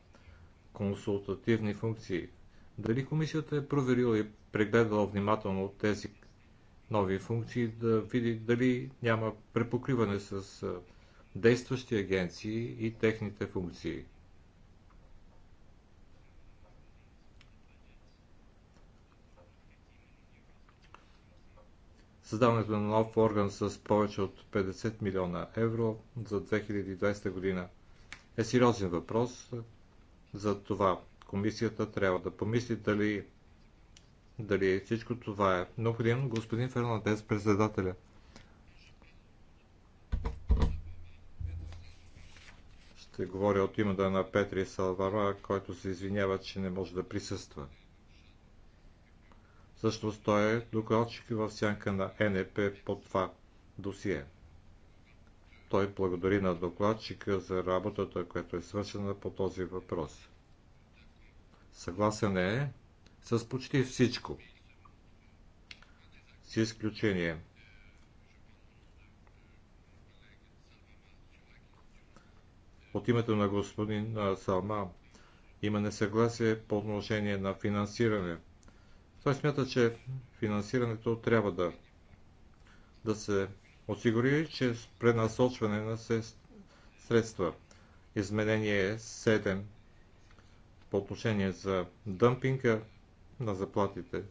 консултативни функции. Дали комисията е проверила и прегледала внимателно тези нови функции, да види дали няма препокриване с действащи агенции и техните функции? създаването на нов орган с повече от 50 милиона евро за 2020 година е сериозен въпрос. За това комисията трябва да помисли дали, дали всичко това е необходимо. Господин Фернандес, председателя. Ще говоря от името на Петри Салвара, който се извинява, че не може да присъства. Всъщност той е докладчик в сянка на НЕП по това досие. Той благодари на докладчика за работата, която е свършена по този въпрос. Съгласен е с почти всичко, с изключение от името на господин Салма има несъгласие по отношение на финансиране той смята, че финансирането трябва да, да се осигури чрез пренасочване на средства. Изменение 7 по отношение за дъмпинга на заплатите.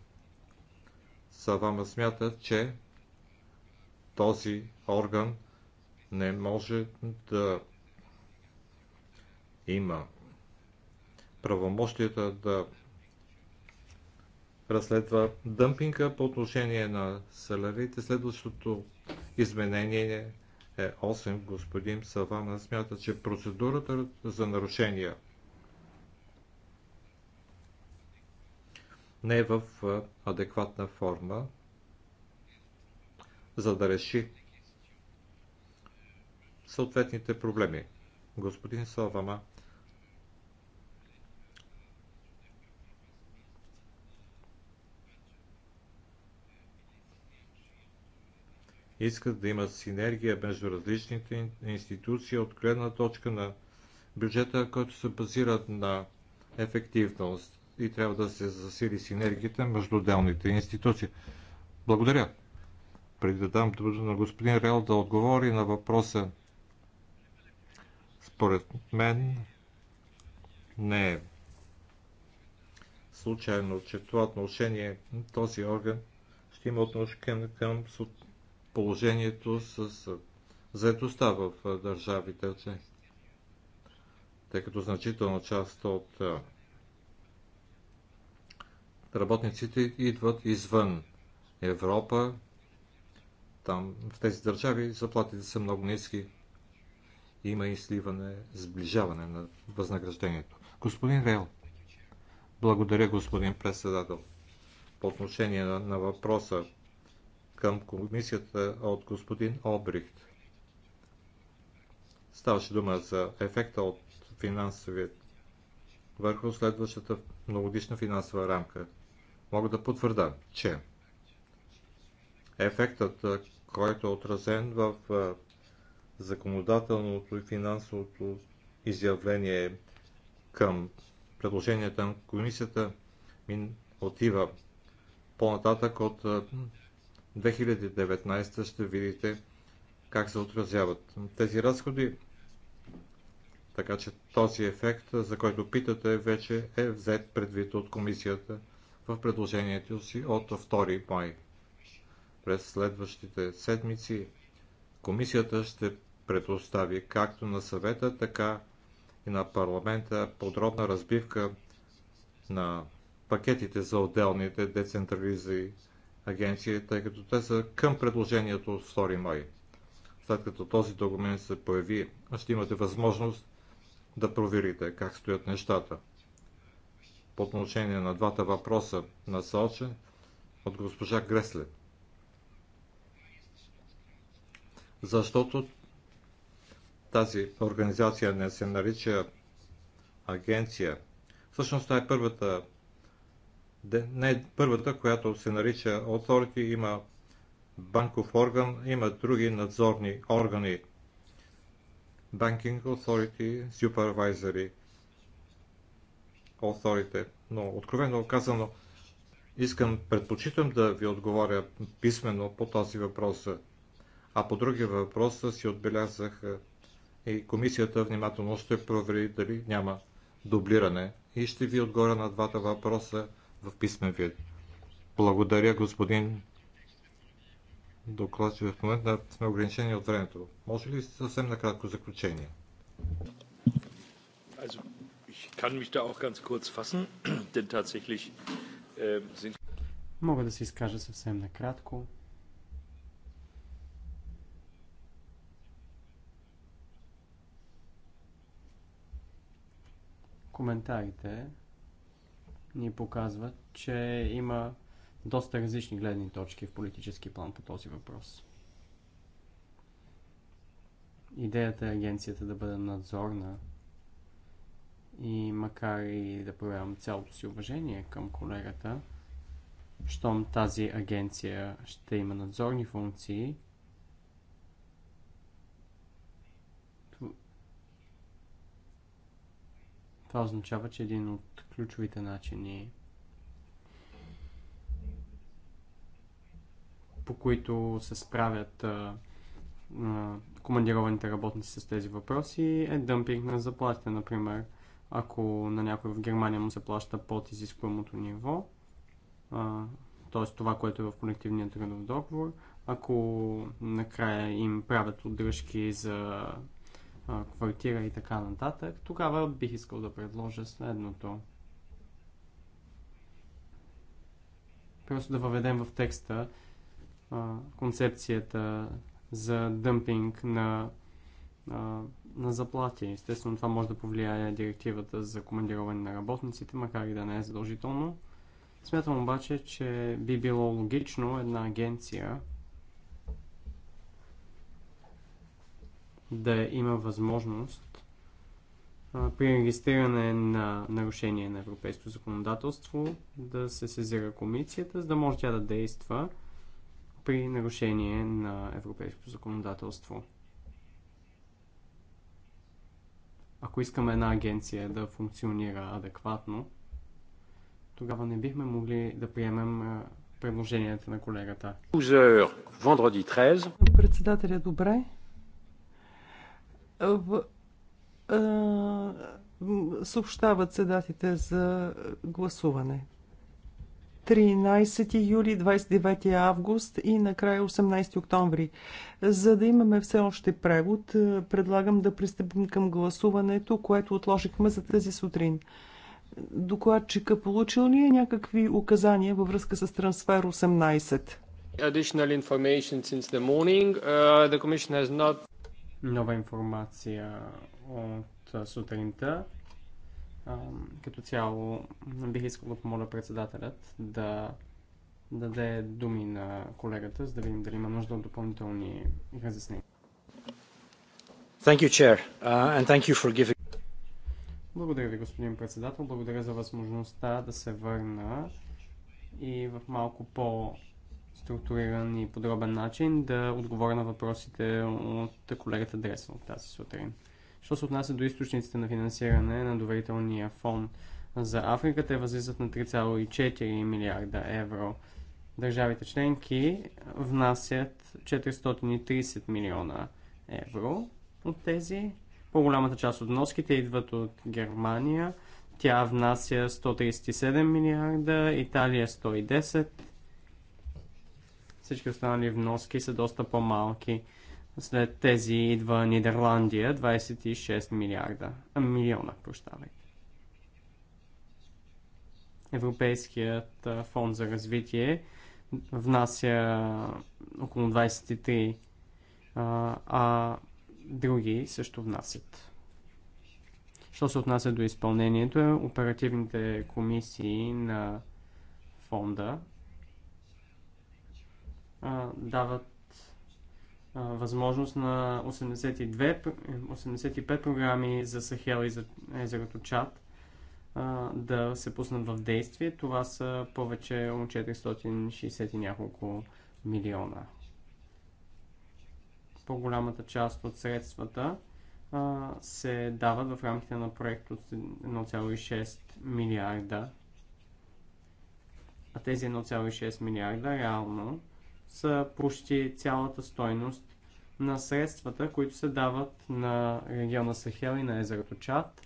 Савама смята, че този орган не може да има правомощията да разследва дъмпинга по отношение на салерите. Следващото изменение е 8. Господин Савана смята, че процедурата за нарушения не е в адекватна форма, за да реши съответните проблеми. Господин Савама, искат да имат синергия между различните институции от гледна точка на бюджета, който се базира на ефективност и трябва да се засили синергията между отделните институции. Благодаря. Преди да дам думата на господин Рел да отговори на въпроса, според мен не е случайно, че това отношение този орган ще има отношение към положението с заедостта в държавите, тъй като значителна част от работниците идват извън Европа. Там, в тези държави, заплатите са много ниски. Има и сливане, сближаване на възнаграждението. Господин Рейл, благодаря, господин председател. По отношение на, на въпроса към комисията от господин Обрихт. Ставаше дума за ефекта от финансовият върху следващата многодишна финансова рамка. Мога да потвърда, че ефектът, който е отразен в законодателното и финансовото изявление към предложенията на комисията, отива по-нататък от 2019 ще видите как се отразяват тези разходи. Така че този ефект, за който питате, вече е взет предвид от комисията в предложението си от 2 май. През следващите седмици комисията ще предостави както на съвета, така и на парламента подробна разбивка на пакетите за отделните децентрализирани агенции, тъй като те са към предложението от 2 май. След като този документ се появи, ще имате възможност да проверите как стоят нещата. По отношение на двата въпроса, на Сочи от госпожа Гресле. Защото тази организация не се нарича агенция. Всъщност това е първата не първата, която се нарича Authority, има банков орган, има други надзорни органи. Banking Authority, Supervisory Authority. Но откровено казано, искам, предпочитам да ви отговоря писменно по този въпрос. А по други въпроса си отбелязах е, и комисията внимателно ще провери дали няма дублиране. И ще ви отговоря на двата въпроса – в писмен вид. Благодаря, господин доклад, че в момента сме ограничени от времето. Може ли съвсем накратко заключение? *clears throat* Ähm, Мога да се изкажа съвсем накратко. Коментарите ни показва, че има доста различни гледни точки в политически план по този въпрос. Идеята е агенцията да бъде надзорна и макар и да проявявам цялото си уважение към колегата, щом тази агенция ще има надзорни функции – Това означава, че един от ключовите начини по които се справят а, а, командированите работници с тези въпроси е дъмпинг на заплатите, например. Ако на някой в Германия му се плаща под изискуемото ниво, т.е. това, което е в колективния трудов договор, ако накрая им правят удръжки за квартира и така нататък, тогава бих искал да предложа следното. Просто да въведем в текста а, концепцията за дъмпинг на, а, на заплати. Естествено, това може да повлияе директивата за командироване на работниците, макар и да не е задължително. Смятам обаче, че би било логично една агенция да има възможност при регистриране на нарушение на европейското законодателство да се сезира комисията, за да може тя да действа при нарушение на европейското законодателство. Ако искаме една агенция да функционира адекватно, тогава не бихме могли да приемем предложенията на колегата. Председателя, добре. В, съобщават се датите за гласуване. 13 юли, 29 август и накрая 18 октомври. За да имаме все още превод, предлагам да пристъпим към гласуването, което отложихме за тази сутрин. Докладчика получил ли е някакви указания във връзка с трансфер 18? Additional information since the morning. Uh, the Commission has not нова информация от сутринта. Като цяло бих искал да помоля председателят да даде думи на колегата, за да видим дали има нужда от допълнителни разяснения. Thank you, Chair, uh, and thank you for giving... Благодаря ви, господин председател. Благодаря за възможността да се върна и в малко по- структуриран и подробен начин да отговоря на въпросите от колегата Дресъл тази сутрин. Що се отнася до източниците на финансиране на доверителния фонд за Африка, те възлизат на 3,4 милиарда евро. Държавите членки внасят 430 милиона евро от тези. По-голямата част от носките идват от Германия. Тя внася 137 милиарда, Италия 110, всички останали вноски са доста по-малки. След тези идва Нидерландия 26 милиарда, а, милиона, прощавайте. Европейският фонд за развитие внася около 23, а, а други също внасят. Що се отнася до изпълнението, оперативните комисии на фонда а, дават а, възможност на 82, 85 програми за Сахел и за езерото Чад а, да се пуснат в действие. Това са повече от 460 няколко милиона. По-голямата част от средствата а, се дават в рамките на проект от 1,6 милиарда. А тези 1,6 милиарда реално са почти цялата стойност на средствата, които се дават на региона Сахел и на езерото Чад.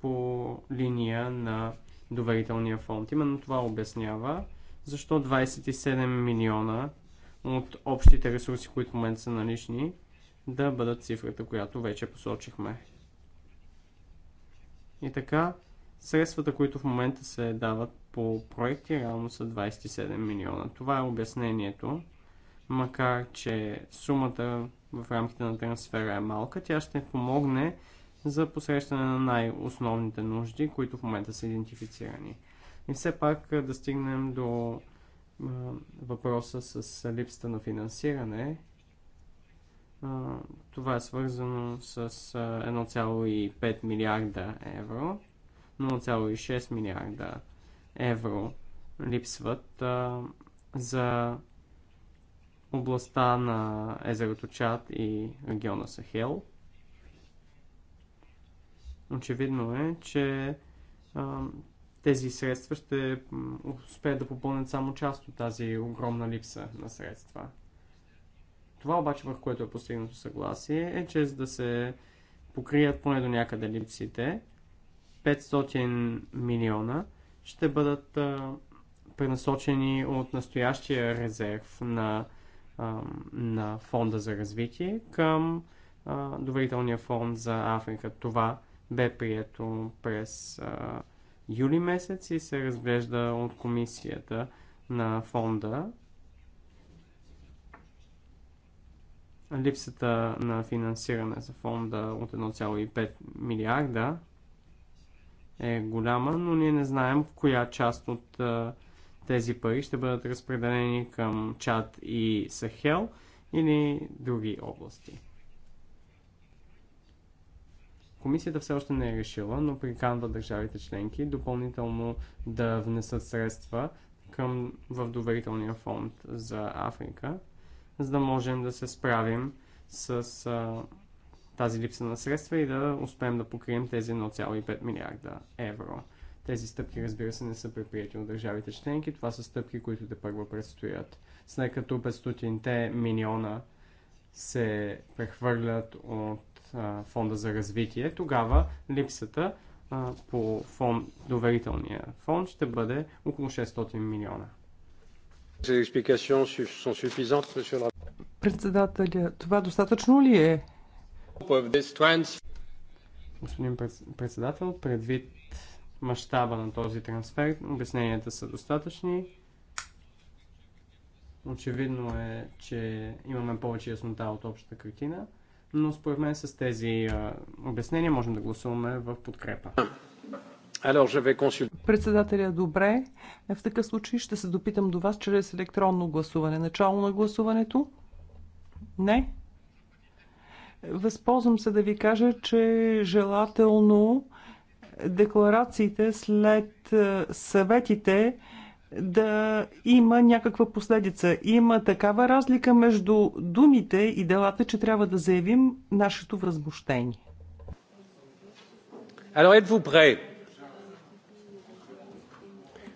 по линия на доверителния фонд. Именно това обяснява защо 27 милиона от общите ресурси, които в момента са налични, да бъдат цифрата, която вече посочихме. И така, Средствата, които в момента се дават по проекти, реално са 27 милиона. Това е обяснението. Макар, че сумата в рамките на трансфера е малка, тя ще помогне за посрещане на най-основните нужди, които в момента са идентифицирани. И все пак да стигнем до а, въпроса с липсата на финансиране. А, това е свързано с 1,5 милиарда евро 0,6 милиарда евро липсват а, за областта на езерото Чад и региона Сахел. Очевидно е, че а, тези средства ще успеят да попълнят само част от тази огромна липса на средства. Това обаче, върху което е постигнато съгласие, е, че за да се покрият поне до някъде липсите, 500 милиона ще бъдат а, пренасочени от настоящия резерв на, а, на фонда за развитие към а, доверителния фонд за Африка. Това бе прието през а, юли месец и се разглежда от комисията на фонда. Липсата на финансиране за фонда от 1,5 милиарда е голяма, но ние не знаем в коя част от тези пари ще бъдат разпределени към Чад и Сахел или други области. Комисията все още не е решила, но приканва държавите членки допълнително да внесат средства към, в доверителния фонд за Африка, за да можем да се справим с а, тази липса на средства и да успеем да покрием тези 1,5 милиарда евро. Тези стъпки, разбира се, не са предприяти от държавите членки. Това са стъпки, които те първо предстоят. След като 500-те милиона се прехвърлят от а, фонда за развитие, тогава липсата а, по фонд, доверителния фонд ще бъде около 600 милиона. Председателя, това достатъчно ли е? Господин председател, предвид мащаба на този трансфер, обясненията са достатъчни. Очевидно е, че имаме повече яснота от общата картина, но според мен с тези обяснения можем да гласуваме в подкрепа. Председателя, добре. Е, в такъв случай ще се допитам до вас чрез електронно гласуване. Начало на гласуването? Не? Възползвам се да ви кажа, че желателно декларациите след е, съветите да има някаква последица. Има такава разлика между думите и делата, че трябва да заявим нашето възмущение. Alors êtes-vous prêts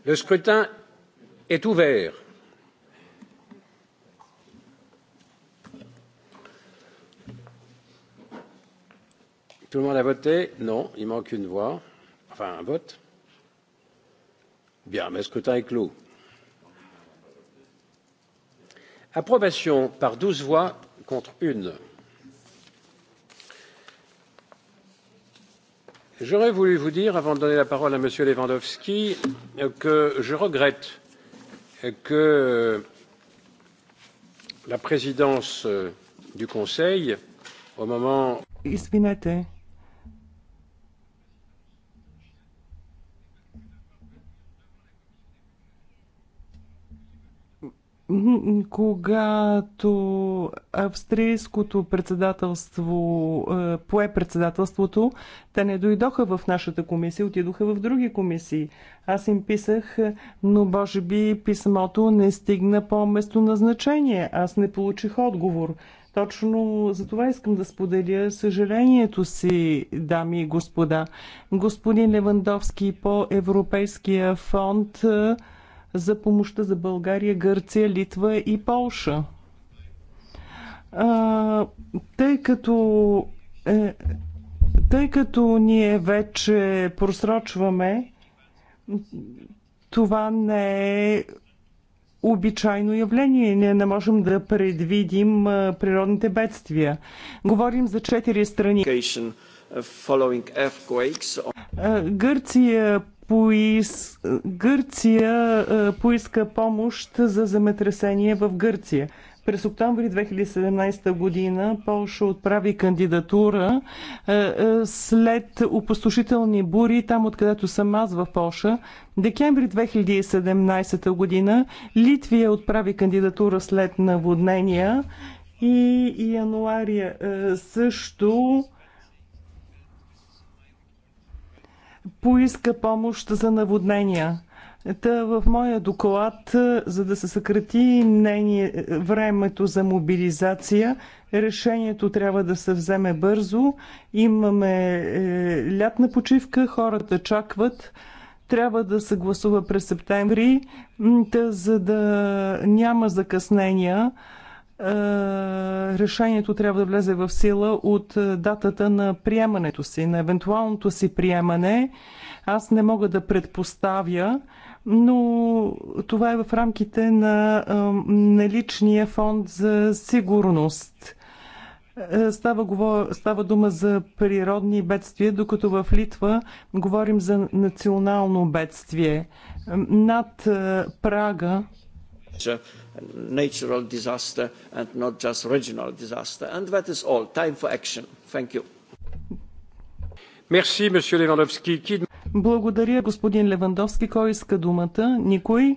Le scrutin est ouvert. Tout le monde a voté Non, il manque une voix. Enfin, un vote. Bien, mais le scrutin est clos. Approbation par 12 voix contre une. J'aurais voulu vous dire, avant de donner la parole à M. Lewandowski, que je regrette que la présidence du Conseil, au moment Извинете, когато австрийското председателство е, пое председателството, те не дойдоха в нашата комисия, отидоха в други комисии. Аз им писах, е, но може би писмото не стигна по местоназначение. Аз не получих отговор. Точно за това искам да споделя съжалението си, дами и господа. Господин Левандовски по Европейския фонд е, за помощта за България, Гърция, Литва и Полша. А, тъй като е, тъй като ние вече просрочваме, това не е обичайно явление. Ние не можем да предвидим природните бедствия. Говорим за четири страни. Uh, Гърция, поис... Гърция поиска помощ за земетресение в Гърция. През октомври 2017 година Полша отправи кандидатура след опустошителни бури, там откъдето съм аз в Полша. Декември 2017 година Литвия отправи кандидатура след наводнения и януария също поиска помощ за наводнения. Та в моя доклад, за да се съкрати нение, времето за мобилизация, решението трябва да се вземе бързо. Имаме е, лятна почивка, хората чакват. Трябва да се гласува през септември, та, за да няма закъснения. Е, решението трябва да влезе в сила от е, датата на приемането си, на евентуалното си приемане. Аз не мога да предпоставя, но това е в рамките на е, наличния фонд за сигурност. Става, Става дума за природни бедствия, докато в Литва говорим за национално бедствие. Над прага a natural disaster and not just regional disaster. And that is all. Time for action. Thank you. Merci, monsieur Lewandowski. Благодаря, господин Левандовски. Кой иска думата? Никой?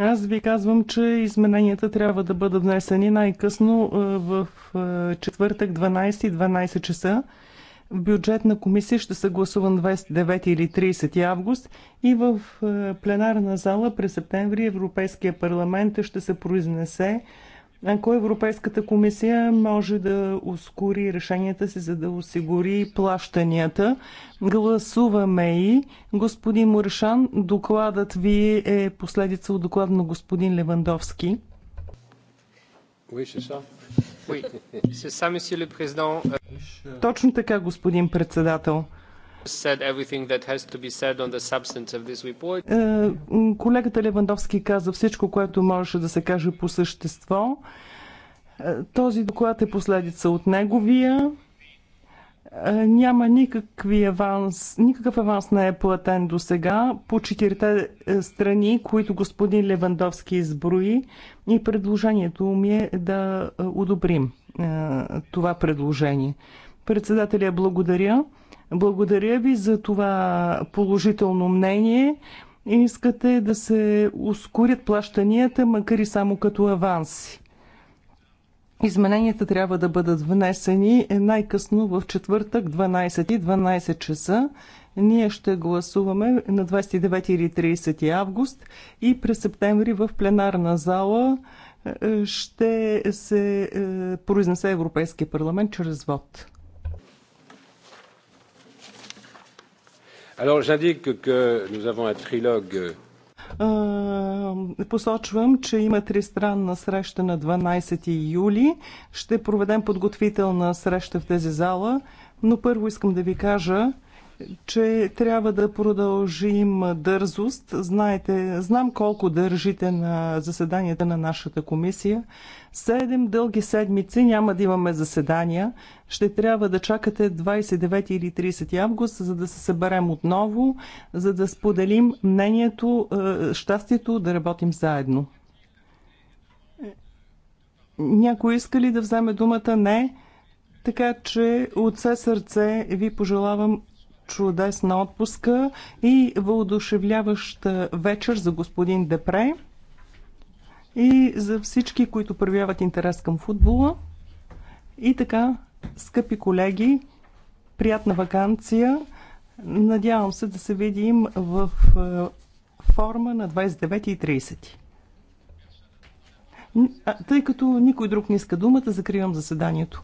Аз ви казвам, че измененията трябва да бъдат внесени най-късно е, в е, четвъртък 12 и 12 часа бюджет на комисия ще се гласува на 29 или 30 август и в е, пленарна зала през септември Европейския парламент ще се произнесе ако Европейската комисия може да ускори решенията си, за да осигури плащанията. Гласуваме и. Господин Муршан, докладът ви е последица от доклад на господин Левандовски. Oui, точно така, господин председател. Е, колегата Левандовски каза всичко, което можеше да се каже по същество. Е, този доклад е последица от неговия. Е, няма никакви аванс, никакъв аванс не е платен до сега по четирите е, страни, които господин Левандовски изброи и предложението ми е да е, одобрим това предложение. Председателя благодаря. Благодаря ви за това положително мнение. Искате да се ускорят плащанията, макар и само като аванси. Измененията трябва да бъдат внесени най-късно в четвъртък 12 и 12 часа. Ние ще гласуваме на 29 или 30 август и през септември в пленарна зала е, ще се е, произнесе Европейския парламент чрез вод. Alors j'indique que nous avons un trilogue е, посочвам, че има тристранна среща на 12 юли. Ще проведем подготвителна среща в тези зала, но първо искам да ви кажа, че трябва да продължим дързост. Знаете, знам колко държите на заседанията на нашата комисия. Седем дълги седмици няма да имаме заседания. Ще трябва да чакате 29 или 30 август, за да се съберем отново, за да споделим мнението, е, щастието да работим заедно. Някой иска ли да вземе думата? Не. Така че от все сърце ви пожелавам чудесна отпуска и въодушевляваща вечер за господин Депре и за всички, които проявяват интерес към футбола. И така, скъпи колеги, приятна вакансия. Надявам се да се видим в е, форма на 29 и 30. тъй като никой друг не иска думата, закривам заседанието.